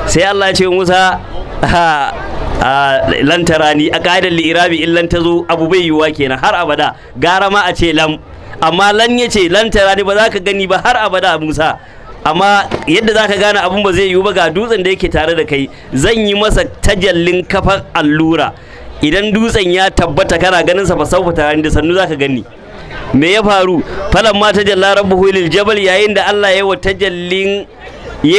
sai Allah ya ce Musa ni a ƙa'idar li'irabi in lanta zo abu bai yiwuwa kenan har abada gara ma a ce lam amma lan ya ce ni ba za ka gani ba har abada musa amma yadda za ka gane abun ba zai yiwu ba ga dutsen da yake tare da kai zan yi masa tajallin kafar allura idan dutsen ya tabbata kana ganin sa ba sau tarani da sannu za ka gani me ya faru falan ma tajalla rabbuhu lil jabal yayin da Allah ya wa tajallin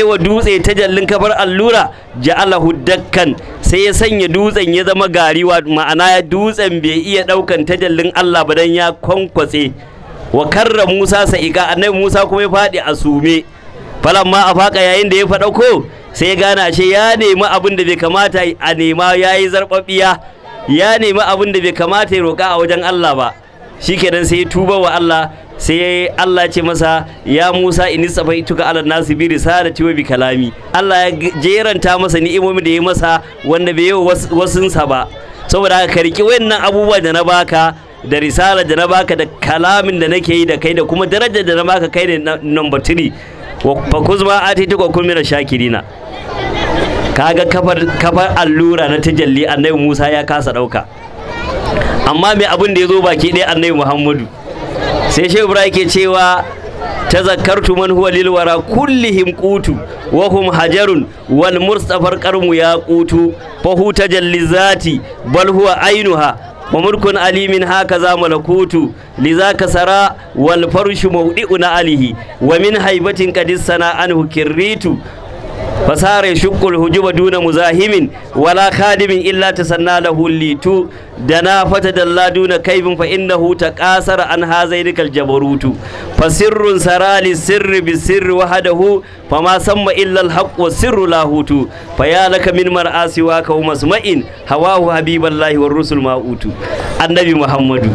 wa dutse tajallin kafar allura ja'alahu dakkan sai ya sanya dutsen ya zama gari wa ma'ana ya dutsen bai iya daukan tajallin Allah ba dan ya kwankwatse wa karra Musa sa'iqa annabi Musa kuma ya fadi a sume ma faka yayin da ya fada ko sai gana ashe ya nemi abin da bai kamata a nema yayi zarbabiya ya nemi abin da bai kamata ya roka a wajen Allah ba Shi shikenan sai ya tuba wa Allah sai Allah ce masa ya Musa inni sabaituka ala nasi bi risalati wa bi kalami Allah ya jeranta masa ni'imomi da ya masa wanda bai yi wasunsa ba saboda haka karki wayannan abubuwa da na baka da risala da na baka da kalamin da nake yi da kai da kuma darajar da na baka kai ne number 3 fa kuzma atituka kun mina shakirina Ka ga kafar allura na tajalli annabi Musa ya kasa dauka amma mai abin da ya zo baki ɗaya annabi muhammadu sai shehu ibrahim ke cewa ta man huwa lilwara kullihim kutu wa hum hajarun wal karmu karmu ya kutu fa hu zati bal huwa ainuha wa mulkun alimin haka hakaza malakutu ka sara wal farshu na alihi wa min haibatin kadis sana an kirritu fasare shukul hujuba duna muzahimin wala khadimin illa tasanna lahu litu da na fata dalladu na kaifin fa huta kasar an hazairikal jabarutu fa sirrun sarali sirri bi sirri wahadahu fa ma samma illa al haqq wa sirru lahutu fa ya laka min mar'asi wa ka umasma'in hawahu habiballahi war rusul ma'utu annabi muhammadu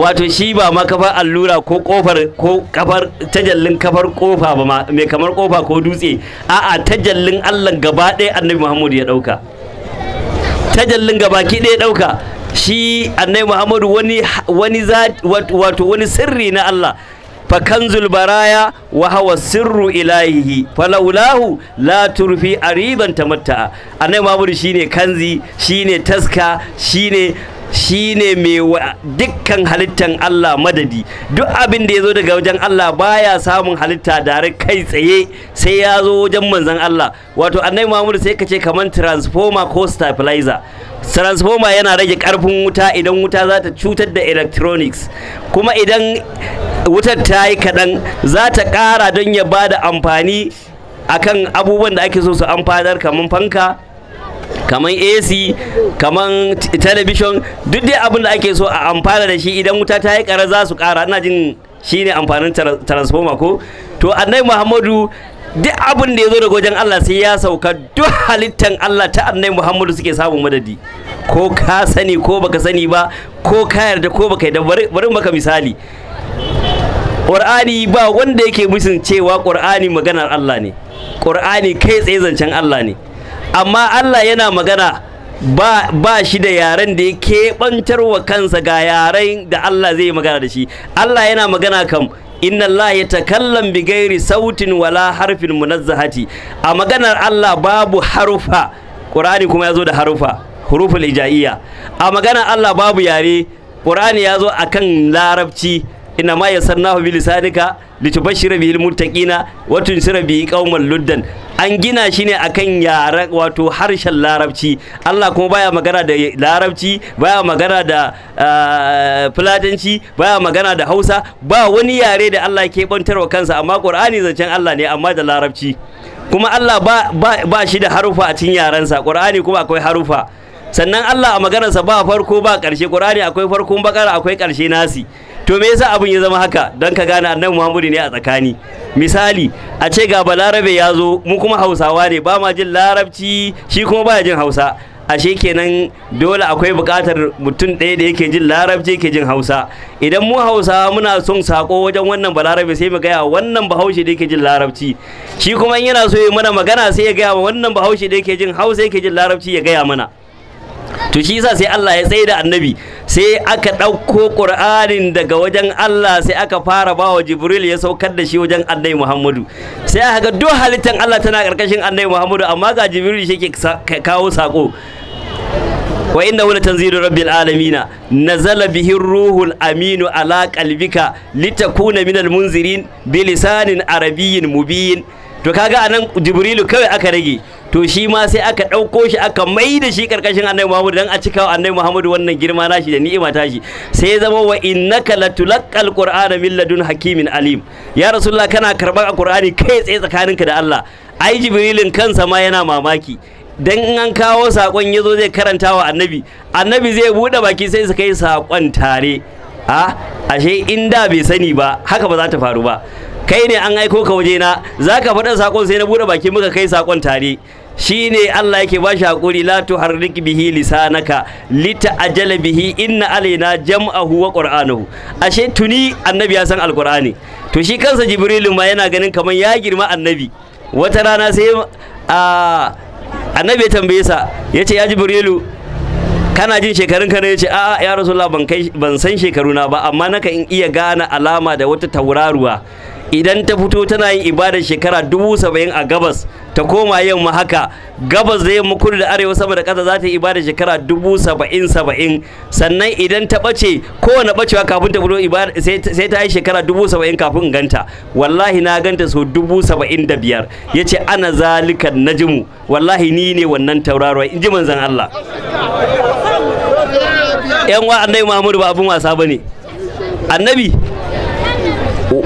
wato shi ba ma kafar allura ko kofar ko kafar tajallin kafar kofa ba mai kamar kofa ko dutse a'a tajallin Allah gaba ɗaya annabi muhammadu ya ɗauka tajallin gabaki ɗaya ɗauka shi annabi muhammadu wani wani wato wani sirri na Allah fa baraya wa hawa sirru ilahihi falaulahu la turfi ariban tamatta annabi muhammadu shine kanzi shine taska shine shi ne mai wa dukkan halittan Allah madadi duk abin da ya zo daga wajen Allah baya samun halitta dare kai tsaye sai ya zo wajen manzan Allah wato annabi Muhammad sai ka ce kamar transformer ko stabilizer transformer yana rage karfin wuta idan wuta za ta cutar da electronics kuma idan wutar ta yi kaɗan za ta ƙara don ya ba da amfani akan abubuwan da ake so su amfanar kamar fanka kaman ac kamar television duk dai abin da ake so a amfana da shi idan wuta ta yi kara za su kara ina jin ne amfanin transformer ko to annai muhammadu duk abin da ya zo daga wajen Allah sai ya sauka duk halittan Allah ta annai Muhammadu suke samun madadi ko ka sani ko baka sani ba ko ka yarda ko baka yarda bari maka misali Qur'ani ba wanda yake musun cewa Qur'ani maganar Allah ne Qur'ani kai tsaye zancen Allah ne amma Allah yana magana ba, ba shi da yaren da ya keɓantar wa kansa ga yaren da Allah zai magana da shi Allah yana magana kam inna Allah ya takallam bi gairi sautin wala harfin munazzahati a maganar Allah babu harufa Qur'ani kuma ya zo da harufa huruful ijaiya a maganar Allah babu yare Qur'ani ya zo akan larabci inna ma yassarnahu bi lisanika litubashshira bihi muttaqina wa tunsira bi qauman luddan an gina shi ne akan yara wato harshen larabci Allah kuma baya magana da larabci baya magana da fulatanci baya magana da Hausa ba wani yare da Allah ke bantarwa kansa amma Qur'ani zancen Allah ne amma da larabci kuma Allah ba, ba, shi da harufa a cikin yarensa Qur'ani kuma akwai harufa sannan Allah a maganarsa ba farko ba ƙarshe Qur'ani akwai farkon bakara akwai ƙarshe nasi to me yasa abin ya zama haka don ka gane annabi muhammadu ne a tsakani misali a ce ga balarabe ya zo mu kuma hausawa ne ba ma jin larabci shi kuma baya jin hausa ashe kenan dole akwai bukatar mutum ɗaya da yake jin larabci yake jin hausa idan mu hausa muna son sako wajen wannan balarabe sai mu gaya wannan bahaushe da yake jin larabci shi kuma in yana so ya mana magana sai ya gaya wa wannan bahaushe da yake jin hausa yake jin larabci ya gaya mana to shi yasa sai Allah ya tsaye da annabi sai aka ɗauko ƙur'anin daga wajen Allah sai aka fara ba wa Jibril ya saukar da shi wajen Annabi Muhammadu sai aka ga duk halittan Allah tana karkashin Annabi Muhammadu amma ga Jibril shi ke kawo sako wa innahu tanzilu rabbil alamin nazala bihi ruhul aminu ala qalbika litakuna minal munzirin bilisanin arabiyyin mubin to kaga anan Jibrilu kawai aka rage to shi ma sai aka ɗauko shi aka mai da shi karkashin annabi muhammadu Don a cika wa annabi muhammadu wannan girma nashi da ni'ima shi. sai ya zama wa innaka latulaqqal qur'ana min ladun hakimin alim ya rasulullah kana karɓar alqur'ani kai tsaye tsakaninka da Allah ai jibrilin kansa ma yana mamaki dan in an kawo ya yazo zai karanta wa annabi annabi zai buɗe baki sai su kai saƙon tare a ashe in da bai sani ba haka ba za ta faru ba kai ne an aiko ka wajena za ka faɗa saƙon sai na buɗe baki muka kai saƙon tare Shi ne Allah yake ba shi hakuri la tuharrik bihi lisanaka ajala bihi inna alaina jam'ahu wa qur'anahu ashe tuni annabi ya san alqur'ani to shi kansa jibril ma yana ganin kaman ya girma annabi wata rana sai a annabi ya tambaye sa yace ya jibrilu kana jin shekarun ka yace a ya rasulullah ban ban san shekaruna ba amma naka in iya gane alama da wata tauraruwa idan ta fito tana yin ibadar shekara dubu saba'in a gabas ta koma yamma haka gabas da yamma kudu da arewa sama da ƙasa za ta yi ibadar shekara dubu saba'in saba'in sannan idan ta ɓace kowane ɓacewa kafin ta fito sai ta yi shekara dubu saba'in kafin ganta wallahi na ganta so dubu saba'in da biyar ya ce ana zalika najimu wallahi ni ne wannan tauraruwa in ji manzan Allah yan wa annabi Muhammadu ba abin wasa ba ne. annabi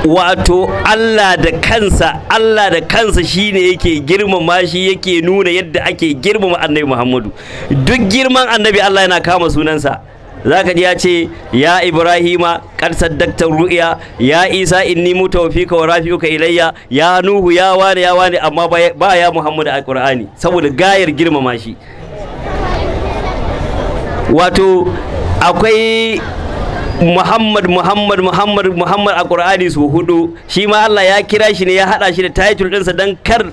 wato Allah da kansa Allah da kansa shine yake girmama shi yake nuna yadda ake girmama annabi Muhammadu duk girman annabi Allah yana kama sunansa zaka ji ya ce ya ibrahima kad saddaqta ru'ya ya isa inni mutawfika wa rafi'uka ilayya ya nuhu ya wani ya wani amma ba ya muhammadu alqur'ani saboda gayar girmama shi wato akwai Muhammad Muhammad Muhammad Muhammad a Qur'ani su hudu shi ma Allah ya kira shi ne ya hada shi da title ɗinsa dan kar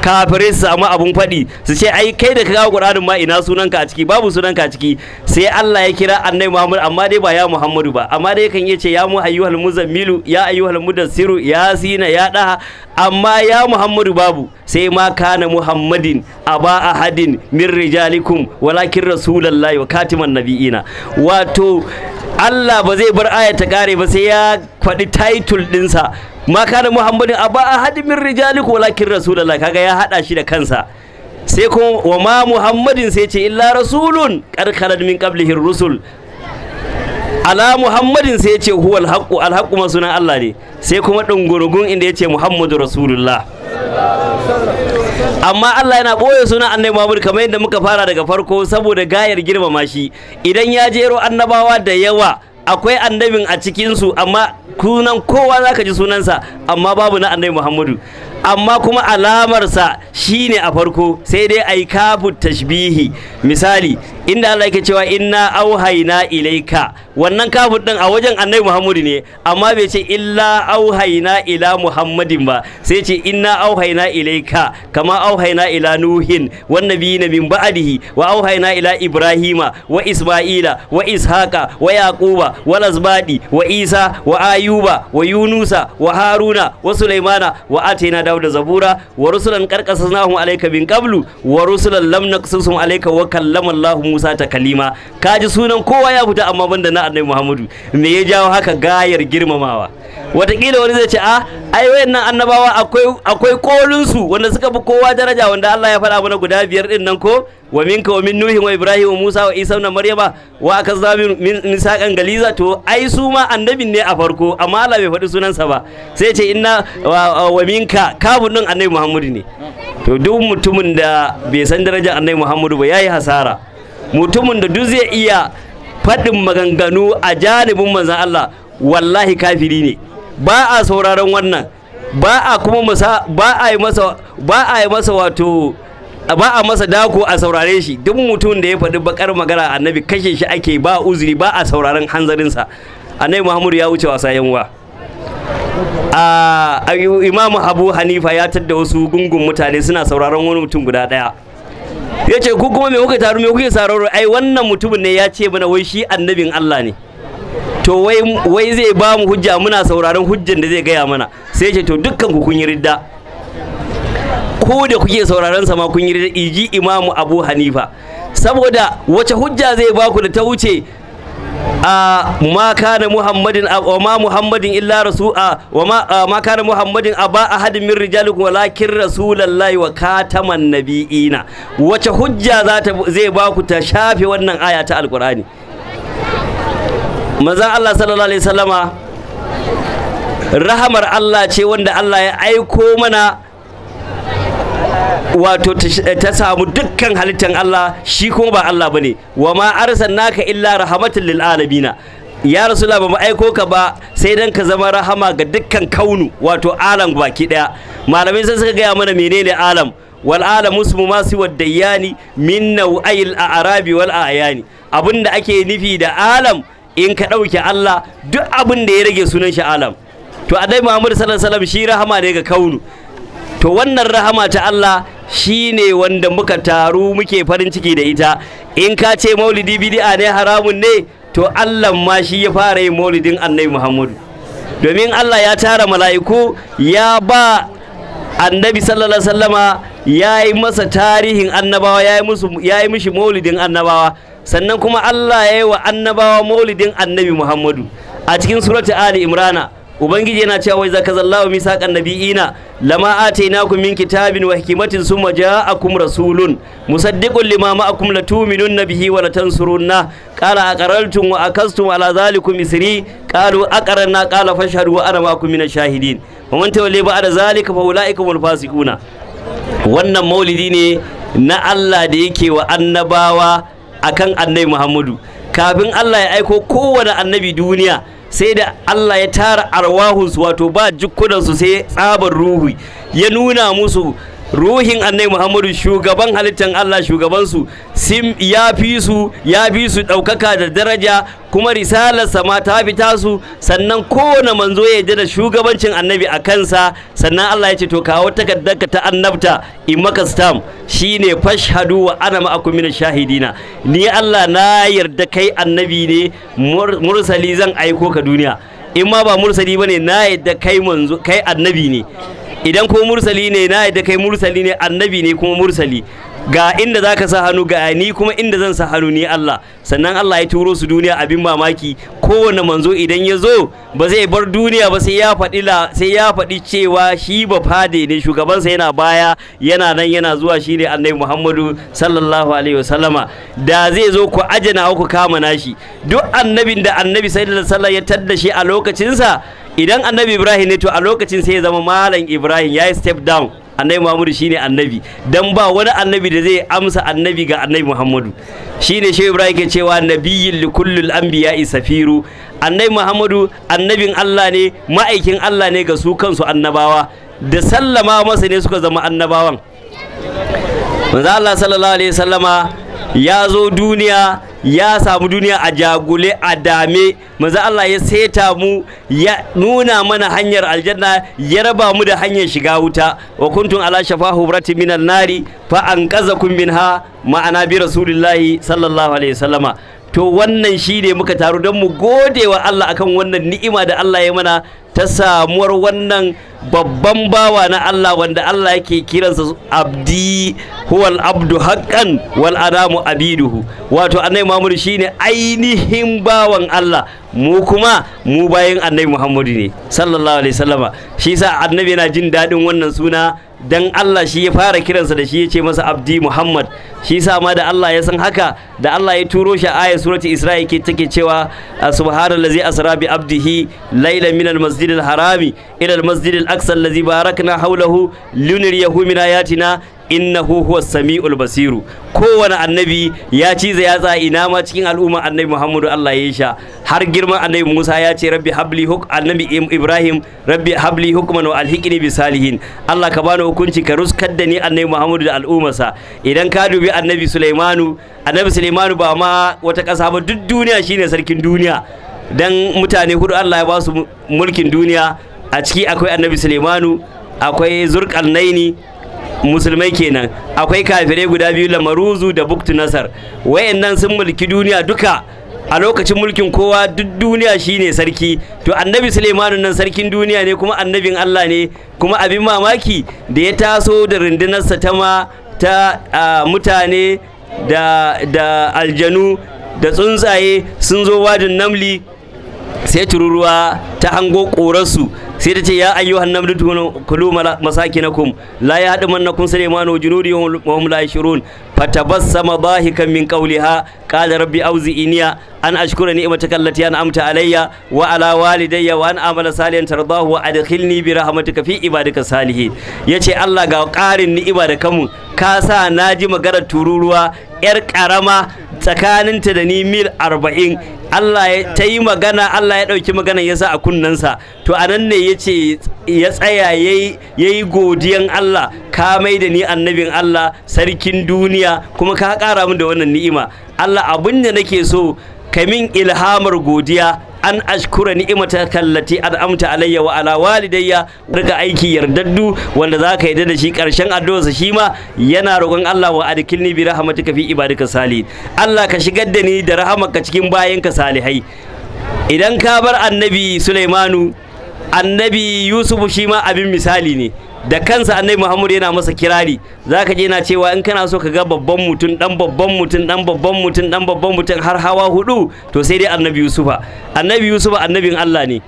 kafirai su samu abun faɗi su ce ai kai da ka kawo Qur'anin ma ina sunanka a ciki babu sunanka a ciki sai Allah ya kira Annabi Muhammad amma dai ba ya Muhammadu ba amma dai kan yace ya mu ayyuhal muzammilu ya ayyuhal mudassiru ya sina ya daha amma ya Muhammadu babu sai ma kana Muhammadin aba ahadin min rijalikum walakin rasulullahi wa katiman nabiyina wato Allah ba zai bar aya ta kare ba sai ya faɗi title ɗinsa ma kana muhammadin a ahadin min ko walakin rasulullah kaga ya haɗa shi da kansa sai kuma wa ma muhammadin sai ce illa rasulun karkarar min qablihi rusul ala muhammadin sai ce huwa alhaqu alhaqu nan Allah ne sai kuma dungurgun inda yace muhammadu rasulullah amma Allah yana ɓoye suna annabi Muhammad kamar yadda muka fara daga farko saboda gayar girmama shi idan ya jero annabawa da yawa akwai annabin a cikinsu amma kunan kowa za ka ji sunansa amma babu na annabi muhammadu amma kuma alamarsa shi ne a farko sai dai ai kafu tashbihi misali inda Allah yake cewa inna auhaina ilaika wannan kafu din a wajen annabi Muhammadu ne amma bai ce illa auhaina ila Muhammadin ba sai ce inna auhaina ilaika kama auhaina ila nuhin biyu nabiyina min ba'dihi wa auhaina ila ibrahima wa isma'ila wa ishaqa wa yaquba wa lazbadi wa isa wa ayuba wa yunusa wa haruna wa sulaimana wa atina Dawud zabura wa rusulan karqasnahum alayka bin qablu wa rusulan lam naqsusum alayka wa kallama Allah Musa kalima kaji sunan kowa ya fita amma banda na Annabi Muhammadu me ya jawo haka gayar girmamawa watakila wani zai ce a ah, ai wayannan annabawa akwai akwai kolinsu wanda suka fi kowa daraja wanda Allah ya faɗa mana guda biyar din nan ko wa minka wa min nuhin wa ibrahim wa musa wa isa na maryama wa aka zabi min saƙan galiza to ai su ma annabin ne a farko amma Allah bai faɗi sunansa ba sai ce inna wa minka kafin nan annabi muhammadu ne to duk mutumin da bai san darajar annabi muhammadu ba yayi hasara mutumin da duk zai iya faɗin maganganu a janibin manzon Allah wallahi kafiri ne ba a sauraron wannan ba a kuma masa ba a yi masa ba a yi masa wato ba a masa dako a saurare shi duk mutum da ya faɗi bakar magana annabi kashe shi ake ba uzuri ba a sauraron hanzarinsa annabi muhammadu ya wuce wasa yanwa a imamu abu hanifa ya tadda wasu gungun mutane suna sauraron wani mutum guda ɗaya ya ce ku kuma me kuka taru me kuke sauraro ai wannan mutumin ne ya ce mana wai shi annabin allah ne to wai wai zai ba mu hujja muna sauraron hujjan da zai gaya mana sai ce to dukkan ku kun yi ridda ko da kuke sauraron sa ma kun yi ridda iji imamu abu hanifa saboda wace hujja zai ba ku da ta wuce a ma kana muhammadin wa ma muhammadin illa rasul a wa ma kana muhammadin aba ahadin min rijalikum walakin rasulullahi wa kataman nabiyina wace hujja za ta zai ba ku ta shafe wannan aya ta alqur'ani manzan Allah sallallahu alaihi wasallama rahamar Allah ce wanda Allah ya aiko mana wato ta samu dukkan halittar Allah shi kuma ba Allah bane wa ma arsalnaka illa rahmatan lil alamin ya rasula ba mu aiko ka ba sai dan ka zama rahama ga dukkan kaunu wato alam baki daya malamai sai suka gaya mana menene alam wal alam musmu ma siwa dayyani min nau'ayil a'rabi wal ayani abinda ake nufi da alam in ka ɗauke Allah duk abin da ya rage sunan shi alam to annabi Muhammadu sallallahu alaihi wasallam shi rahama ne ga kaunu to wannan rahama ta Allah shine wanda muka taru muke farin ciki da ita in ka ce maulidi bid'a ne haramun ne to Allah ma shi ya fara yin maulidin annabi Muhammadu domin Allah ya tara mala'iku ya ba annabi sallallahu alaihi wasallama ya yi masa tarihin annabawa ya yi mishi maulidin annabawa sannan kuma Allah ya yi wa annabawa maulidin annabi Muhammadu a cikin surati Ali Imrana ubangiji yana cewa wai zaka zallahu misaqan nabiyina lama kum min kitabin wa hikmatin summa ja'akum rasulun musaddiqun lima ma'akum latu'minun bihi wa latansurunna qala aqaraltum wa akastum ala zalikum isri qalu aqarna qala fashhadu wa ana ma'akum minash shahidin wa man tawalla ba'da zalika fa ulaika humul fasiquna wannan maulidi ne na Allah da yake wa annabawa akan annabi Muhammadu kafin Allah ya aiko kowane annabi duniya sai da Allah ya tara arwahunsu wato ba jikkunansu sai tsabar ruhu ya nuna musu ruhin annabi muhammadu shugaban halittar allah shugabansu sim ya fi su ya fi su ɗaukaka da daraja kuma risalarsa ma ta fita su sannan kowane manzo ya yarda da shugabancin annabi a kansa sannan allah ya ce to kawo ka ta annabta in maka stam shine fashhadu wa ana ma'akum min shahidina ni allah na yarda kai annabi ne mursali zan aiko ka duniya in ma ba mursali bane na yarda kai manzo kai annabi ne idan ko mursali ne na yadda kai mursali ne annabi ne kuma mursali ga inda zaka sa hannu ga ni kuma inda zan sa hannu ni Allah sannan Allah ya turo su duniya abin mamaki kowane manzo idan ya zo ba zai bar duniya ba sai ya faɗi sai ya faɗi cewa shi ba fade ne shugabansa yana baya yana nan yana zuwa shi ne annabi Muhammadu sallallahu alaihi wasallama da zai zo ku ajana ku kama nashi duk annabin da annabi sallallahu alaihi wasallam ya tadda shi a lokacinsa idan annabi ibrahim ne to a lokacin sai ya zama malam ibrahim ya yi step down annabi muhammadu shine annabi dan ba wani annabi da zai amsa annabi ga annabi muhammadu shine shehu ibrahim ke cewa nabiyyin li kullul safiru annabi muhammadu annabin allah ne ma'aikin allah ne ga su kansu annabawa da sallama masa ne suka zama annabawan manzo allah sallallahu alaihi wasallama ya zo duniya ya samu duniya a jagule a dame maza Allah ya seta mu ya nuna mana hanyar aljanna ya raba mu da hanyar shiga wuta wa kuntum ala shafahu rati minan nari fa min minha ma'ana bi rasulillahi sallallahu alaihi wasallama to wannan shi ne muka taru don mu gode wa Allah akan wannan ni'ima da Allah ya mana ta samuwar wannan babban bawa na Allah wanda Allah yake kiransa abdi huwal abdu haqqan wal adamu abiduhu wato annabi Muhammadu shine ainihin bawan Allah mu kuma mu bayan annabi Muhammadu ne sallallahu alaihi sallama shi sa annabi yana jin daɗin wannan suna dan Allah shi ya fara kiransa da shi ya ce masa abdi Muhammad shi sa ma da Allah ya san haka da Allah ya turo shi a surati Isra'i ke take cewa subhanallazi asra bi abdihi laila minal masjidil harami ila al masjidil al-aqsa allazi barakna hawlahu linuriyahu min ayatina innahu huwas sami'ul basiru kowane annabi ya ciza ya tsaya ina ma cikin al'umma annabi muhammadu allah ya sha har girman annabi musa ya ce rabbi habli huk annabi ibrahim rabbi habli hukman wa alhiqni bi salihin allah ka bani hukunci ka ruskar da ni annabi muhammadu da al'ummarsa idan ka dubi annabi sulaimanu annabi sulaimanu ba ma wata ƙasa ba duk duniya shine sarkin duniya dan mutane hudu allah ya ba su mulkin duniya a ciki akwai annabi sulemanu akwai zurkar naini musulmai kenan akwai kafirai guda biyu lamaruzu da buktu nasar wayannan sun mulki duniya duka a lokacin mulkin kowa duk duniya shine sarki to annabi sulemanu nan sarkin duniya ne kuma annabin allah ne kuma abin mamaki da ya taso da rundunarsa ta ma ta mutane da, aljanu da tsuntsaye sun zo wadin namli sai tururuwa ta hango ƙorarsu sai ta ce ya ayyuhan nablu kulu masakinakum la yahdimannakum sulaymanu junudi wa hum la yashurun fatabassama dahikan min qawliha qala rabbi awzi'iniya an ashkura ni'mataka allati an'amta alayya wa ala walidayya wa an amala salihan tardahu wa adkhilni bi rahmatika fi ibadika salihin yace Allah ga ƙarin ni'ima da kamu ka sa ji maganar tururuwa yar karama tsakaninta da ni mil arba'in Allah ta yi magana Allah ya ɗauki maganar yasa a kunnensa to anan ne ya ce ya tsaya ya yi godiyan Allah ka mai da ni annabin Allah sarkin duniya kuma ka kara min da wannan ni'ima Allah abin da nake so ka min ilhamar godiya an ashkura ni'imata kallati an'amta alayya wa ala walidayya daga aiki yardaddu wanda za ka yarda da shi karshen addu'arsa shi ma yana roƙon Allah wa adkilni bi rahmatika fi ibadika salih Allah ka shigar da ni da rahamarka cikin bayanka salihai idan ka bar annabi Sulaimanu annabi yusufu shi ma abin misali ne da kansa annabi muhammadu yana masa kirari za ka je na cewa in kana so ka ga babban mutum dan babban mutum dan babban mutum dan babban mutum har hawa hudu to sai dai annabi yusufa annabi yusufa annabin allah ne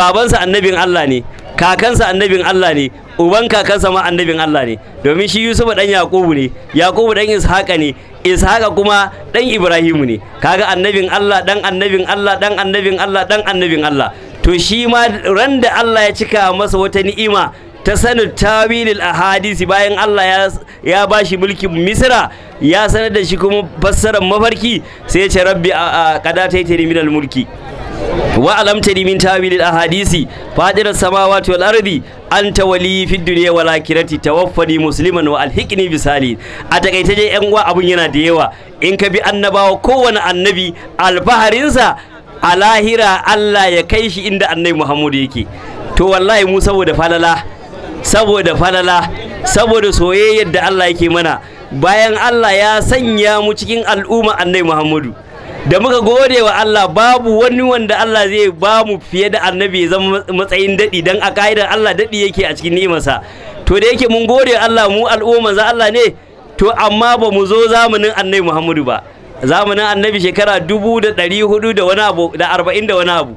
babansa annabin allah ne kakansa annabin allah ne uban kakansa ma annabin allah ne domin shi yusufa dan Yakubu ne Yakubu dan ishaqa ne ishaqa kuma dan ibrahimu ne kaga annabin allah dan annabin allah dan annabin allah dan annabin allah to shi ma ran da Allah ya cika masa wata ni'ima ta sanin tawilil ahadisi bayan Allah ya bashi mulkin Misra ya sanar da shi kuma fassarar mafarki sai ya ce rabbi ta yi minal mulki wa alamta tari min tawilil ahadisi fadirar samawati wal ardi anta wali fi dunya wal akhirati tawaffani musliman wa alhiqni bisali a takaice dai yan uwa abun yana da yawa in ka bi annabawa kowane annabi alfaharinsa a lahira Allah ya kai shi inda annai Muhammadu yake to wallahi mu saboda falala saboda falala saboda soyayyar da Allah yake mana bayan Allah ya sanya mu cikin al'umma annai Muhammadu da muka gode wa Allah babu wani wanda Allah zai ba mu fiye da annabi ya zama matsayin dadi dan a ka'idar Allah daɗi yake a cikin ni'imarsa to da yake mun gode Allah mu al'umma za Allah ne to amma ba mu zo zamanin annai Muhammadu ba zamanin annabi shekara dubu da ɗari hudu da wani abu da arba'in da wani abu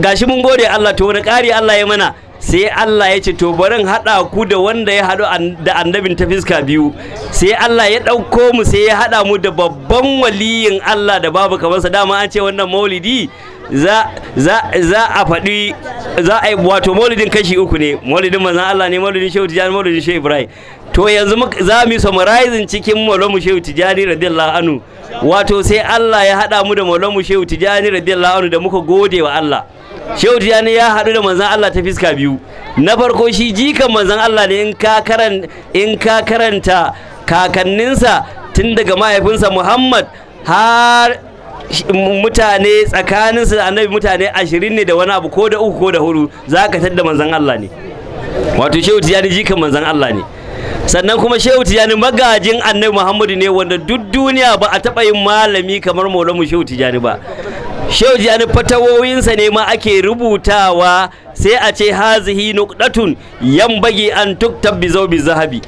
gashi mun gode Allah to wani ƙari Allah ya mana sai Allah ya ce to barin haɗa ku da wanda ya haɗu da annabin ta fiska biyu sai Allah ya ɗauko mu sai ya haɗa mu da babban waliyin Allah da babu kamarsa dama an ce wannan maulidi za a faɗi za a yi wato maulidin kashi uku ne maulidin mazan Allah ne maulidin shehu tijjani maulidin shehu ibrahim to yanzu za mu yi summarizing cikin maulamu shehu tijani radiyallahu anhu wato sai Allah ya haɗa mu da maulamu shehu tijani radiyallahu anhu da muka gode wa Allah shehu tijani ya haɗu da manzan Allah ta fiska biyu na farko shi jikan manzan Allah ne in ka karanta kakanninsa tun daga mahaifinsa Muhammad har mutane tsakaninsa da annabi mutane ashirin ne da wani abu ko da uku ko da hudu za ka tadda manzan Allah ne wato shehu tijani jikan manzan Allah ne sannan kuma shehu tijani magajin annabi muhammadu ne wanda duk duniya ba a taɓa yin malami kamar maulamu shehu tijani ba shehu tijani fatawoyinsa ne ma ake rubutawa sai a ce hazihi yan bagi an tuktab bi zahabi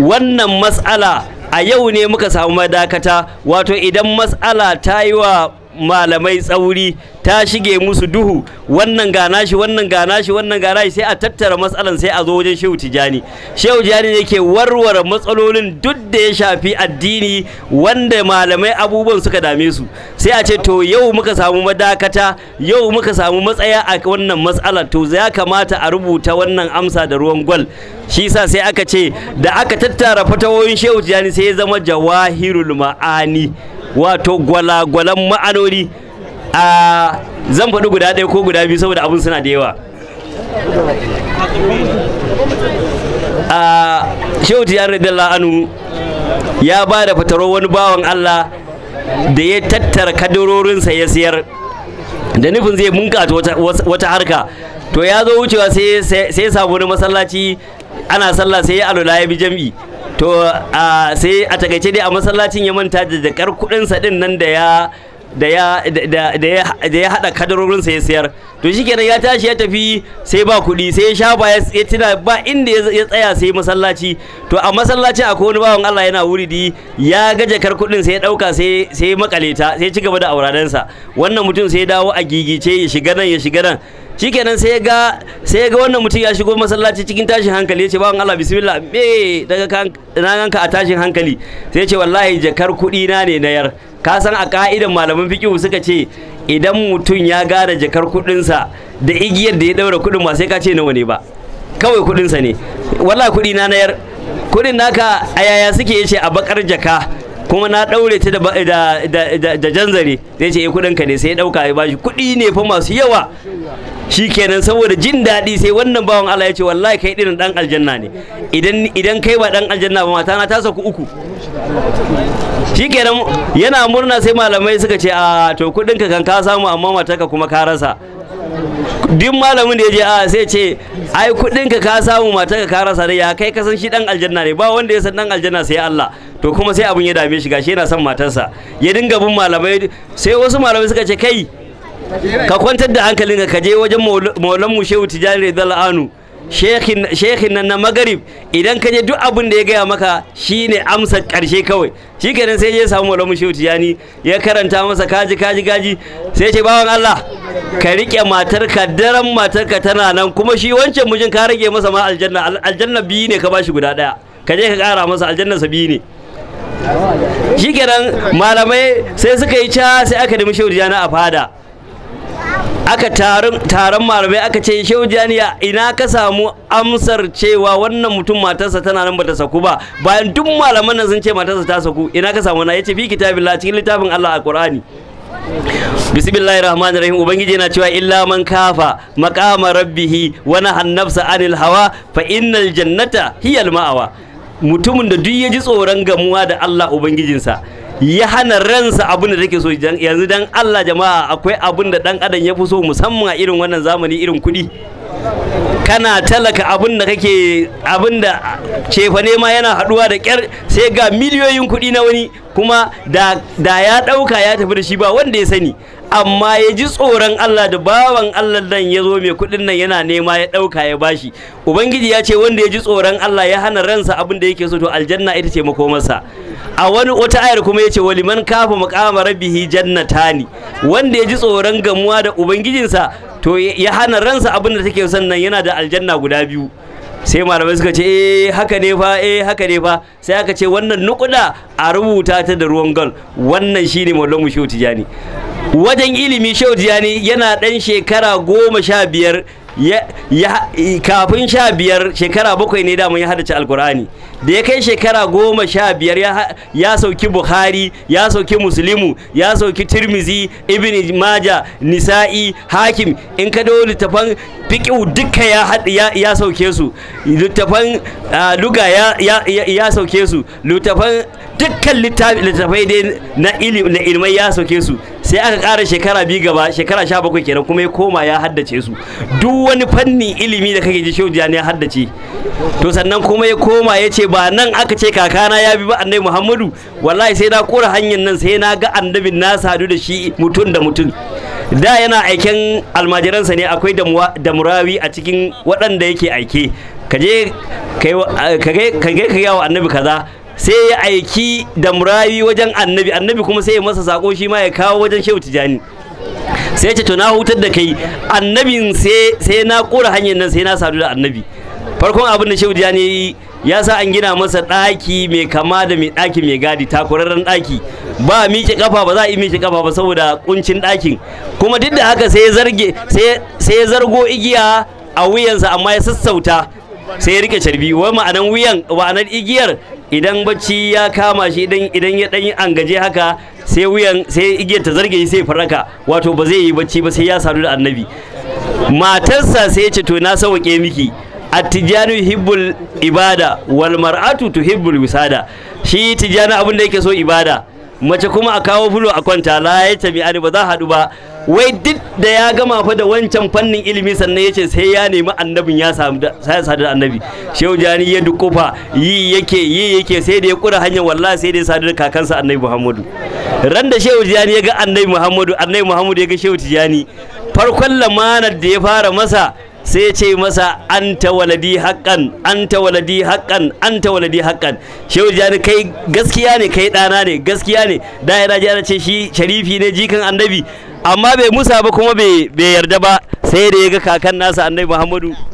wannan mas'ala a yau ne muka samu madakata wato idan mas'ala ta yi wa malamai tsauri ta shige musu duhu wannan gana shi wannan gana shi wannan gana shi sai a tattara matsalan sai a zo wajen shehu tijani shehu tijani yake warware matsalolin duk da ya shafi addini wanda malamai abubuwan suka dame su sai a ce to yau muka samu madakata yau muka samu matsaya a wannan matsalar to ya kamata a rubuta wannan amsa da ruwan gwal shi sa sai aka ce da aka tattara fatawoyin shehu tijani sai ya zama jawahirul ma'ani wato gwalagwalan ma'anoni a zan faɗi guda ɗaya ko guda biyu saboda abin suna da yawa a shehu tiyar radiyallahu la'anu ya ba da fataro wani bawan Allah da ya tattara kadarorinsa ya siyar da nufin zai munkata wata harka to ya zo wucewa sai ya samu wani masallaci ana sallah sai ya alula ya bi jam'i to sai a takaice dai a masallacin ya manta da jakar sa din nan da ya da ya da ya hada sa ya siyar to shikenan ya tashi ya tafi sai ba kudi sai ya shafa ya tuna ba inda ya tsaya sai masallaci to a masallacin akwai wani bawan Allah yana wuri di ya ga jakar kuɗin sai ya dauka sai sai makaleta sai cigaba ci gaba da wannan mutum sai ya dawo a gigice ya shiga nan ya shiga nan shikenan sai ga sai ga wannan mutum ya shigo masallaci cikin tashin hankali Ya ce bawan Allah bismillah me daga kan ina ganka a tashin hankali sai ya ce wallahi jakar kuɗi na ne na yar ka san a ka'idan malaman fiqh suka ce idan mutum ya gane jakar kuɗinsa da igiyar da ya daura kuɗin ma sai ka ce nawa ne ba kawai kuɗinsa ne wallahi kuɗi na na yar kuɗin naka a yaya suke yace a bakar jaka kuma na ɗaure ta da da da, da janzare zai ce eh kuɗin ka ne sai ya ɗauka ya bashi kuɗi ne fa masu yawa shikenan saboda jin daɗi sai wannan bawan Allah ya ce wallahi kai irin dan aljanna ne idan kai ba dan aljanna ba mata na ta saku uku shikenan yana murna sai malamai suka ce a to kudin ka kan ka samu amma matarka kuma ka rasa duk malamin da ya je a sai ce ai kudin ka ka samu matarka ka rasa dai ya kai ka san shi dan aljanna ne ba wanda ya san dan aljanna sai Allah to kuma sai abun ya dame shi gashi yana son matarsa ya dinga bin malamai sai wasu malamai suka ce kai ka kwantar da hankalin ka je wajen maulanmu shehu tijani radiyallahu anu shekhin nan na magarib idan ka je duk abin da ya gaya maka shine amsa karshe kawai shi kenan sai ya samu malamu shehu tijani ya karanta masa kaji kaji kaji sai ce bawan Allah ka rike matarka daren matarka tana nan kuma shi wancan mijin ka rage masa ma aljanna aljanna biyu ne ka bashi guda daya ka je ka kara masa aljanna sa biyu ne shi kenan malamai sai suka yi ca sai aka nemi shehu tijani a fada aka taron malamai aka ce shehu janiya ina ka samu amsar cewa wannan mutum matarsa tana nan bata saku ba bayan duk malaman nan sun ce matarsa ta saku ina ka samu na yace bi kitabillah cikin littafin Allah alqur'ani bismillahi rahmani rahim ubangiji yana cewa illa man kafa maqama rabbihi wa nahan nafsa anil hawa fa innal jannata hiyal ma'awa mutumin da duk ya ji tsoron gamuwa da Allah ubangijinsa ya hana ransa abin da take so yanzu dan Allah jama'a akwai abin da dan adam ya fi so musamman a irin wannan zamani irin kuɗi kana talaka abin da kake abin da ne ma yana haɗuwa da kyar? sai ga miliyoyin kuɗi na wani kuma da ya ɗauka ya tafi da shi ba wanda ya sani amma ya ji tsoron Allah da bawan Allah dan ya zo mai kuɗin nan yana nema ya ɗauka ya bashi ubangiji ya ce wanda ya ji tsoron Allah ya hana ransa abin da yake so to aljanna ita ce makomarsa a wani wata ayar kuma ya ce waliman kafa maqama rabbihi jannatani wanda ya ji tsoron gamuwa da ubangijinsa to ya hana ransa abin da take son nan yana da aljanna guda biyu sai malamai suka ce eh haka ne fa eh haka ne fa sai aka ce wannan nukuda a rubuta ta da ruwan gal wannan shine mallamu mushehu tijani wajen ilimi shehu jiyani yana ɗan shekara goma sha biyar kafin sha biyar shekara bakwai ne damun ya haddace alkur'ani da ya kai shekara goma sha biyar ya sauki bukhari ya sauki musulimu ya sauki tirmizi ibn maja nisa'i hakim in ka dawo littafan fiƙi duka ya sauke su littafan luga ya sauke su littafan dukkan littafai dai na ilimai ya sauke su sai aka kara shekara biyu gaba shekara sha bakwai kenan kuma ya koma ya haddace su duk wani fanni ilimi da kake ji shehu ya haddace to sannan kuma ya koma ya ce ba nan aka ce kakana ya bi ba annabi muhammadu wallahi sai na kora hanyar nan sai na ga annabin na sadu da shi mutum da mutum da yana aiken almajiransa ne akwai da murawi a cikin waɗanda yake aike kaje ka ga wa annabi kaza sai ya aiki da murayi wajen annabi annabi kuma sai ya masa sako shi ma ya kawo wajen shehu tijani sai ya ce to na hutar da kai annabin sai na kora hanyar nan sai na sadu da annabi farkon abin da shehu tijani yi ya sa an gina masa ɗaki mai kama da mai ɗaki mai gadi takurarren ɗaki ba a miƙe kafa ba za a yi miƙe kafa ba saboda kuncin ɗakin kuma duk da haka sai zarge sai ya zargo igiya a wuyansa amma ya sassauta sai ya rike carbi wai ma'anan wuyan ma'anar igiyar idan bacci ya kama shi idan ya ɗan yi angaje haka sai wuyan sai igiyar ta zarge shi sai faraka wato ba zai yi bacci ba sai ya sadu da annabi matarsa sai ya ce to na sauke miki attijanu hibbul ibada wal mar'atu tuhibbul wisada shi tijani abin da yake so ibada mace kuma a kawo fulo a kwanta la ya tabi ani ba za haɗu ba wai duk da ya gama fa da wancan fannin ilimi sannan yace sai ya nemi annabin ya samu sai sadu da annabi shehu jani ya dukufa yi yake yi yake sai da ya kura hanyar wallahi sai da ya sadu da kakansa annabi muhammadu ran da shehu jani ya ga annabi muhammadu annabi muhammadu ya ga shehu jani farkon lamanar da ya fara masa sai ce masa ta waladi haƙƙan ta waladi haƙƙan ta waladi haƙƙan shehu jani kai gaskiya ne kai ɗana ne gaskiya ne da yana ce shi sharifi ne jikan annabi amma bai musa ba kuma bai yarda ba sai da ya ga kakan nasa annabi muhammadu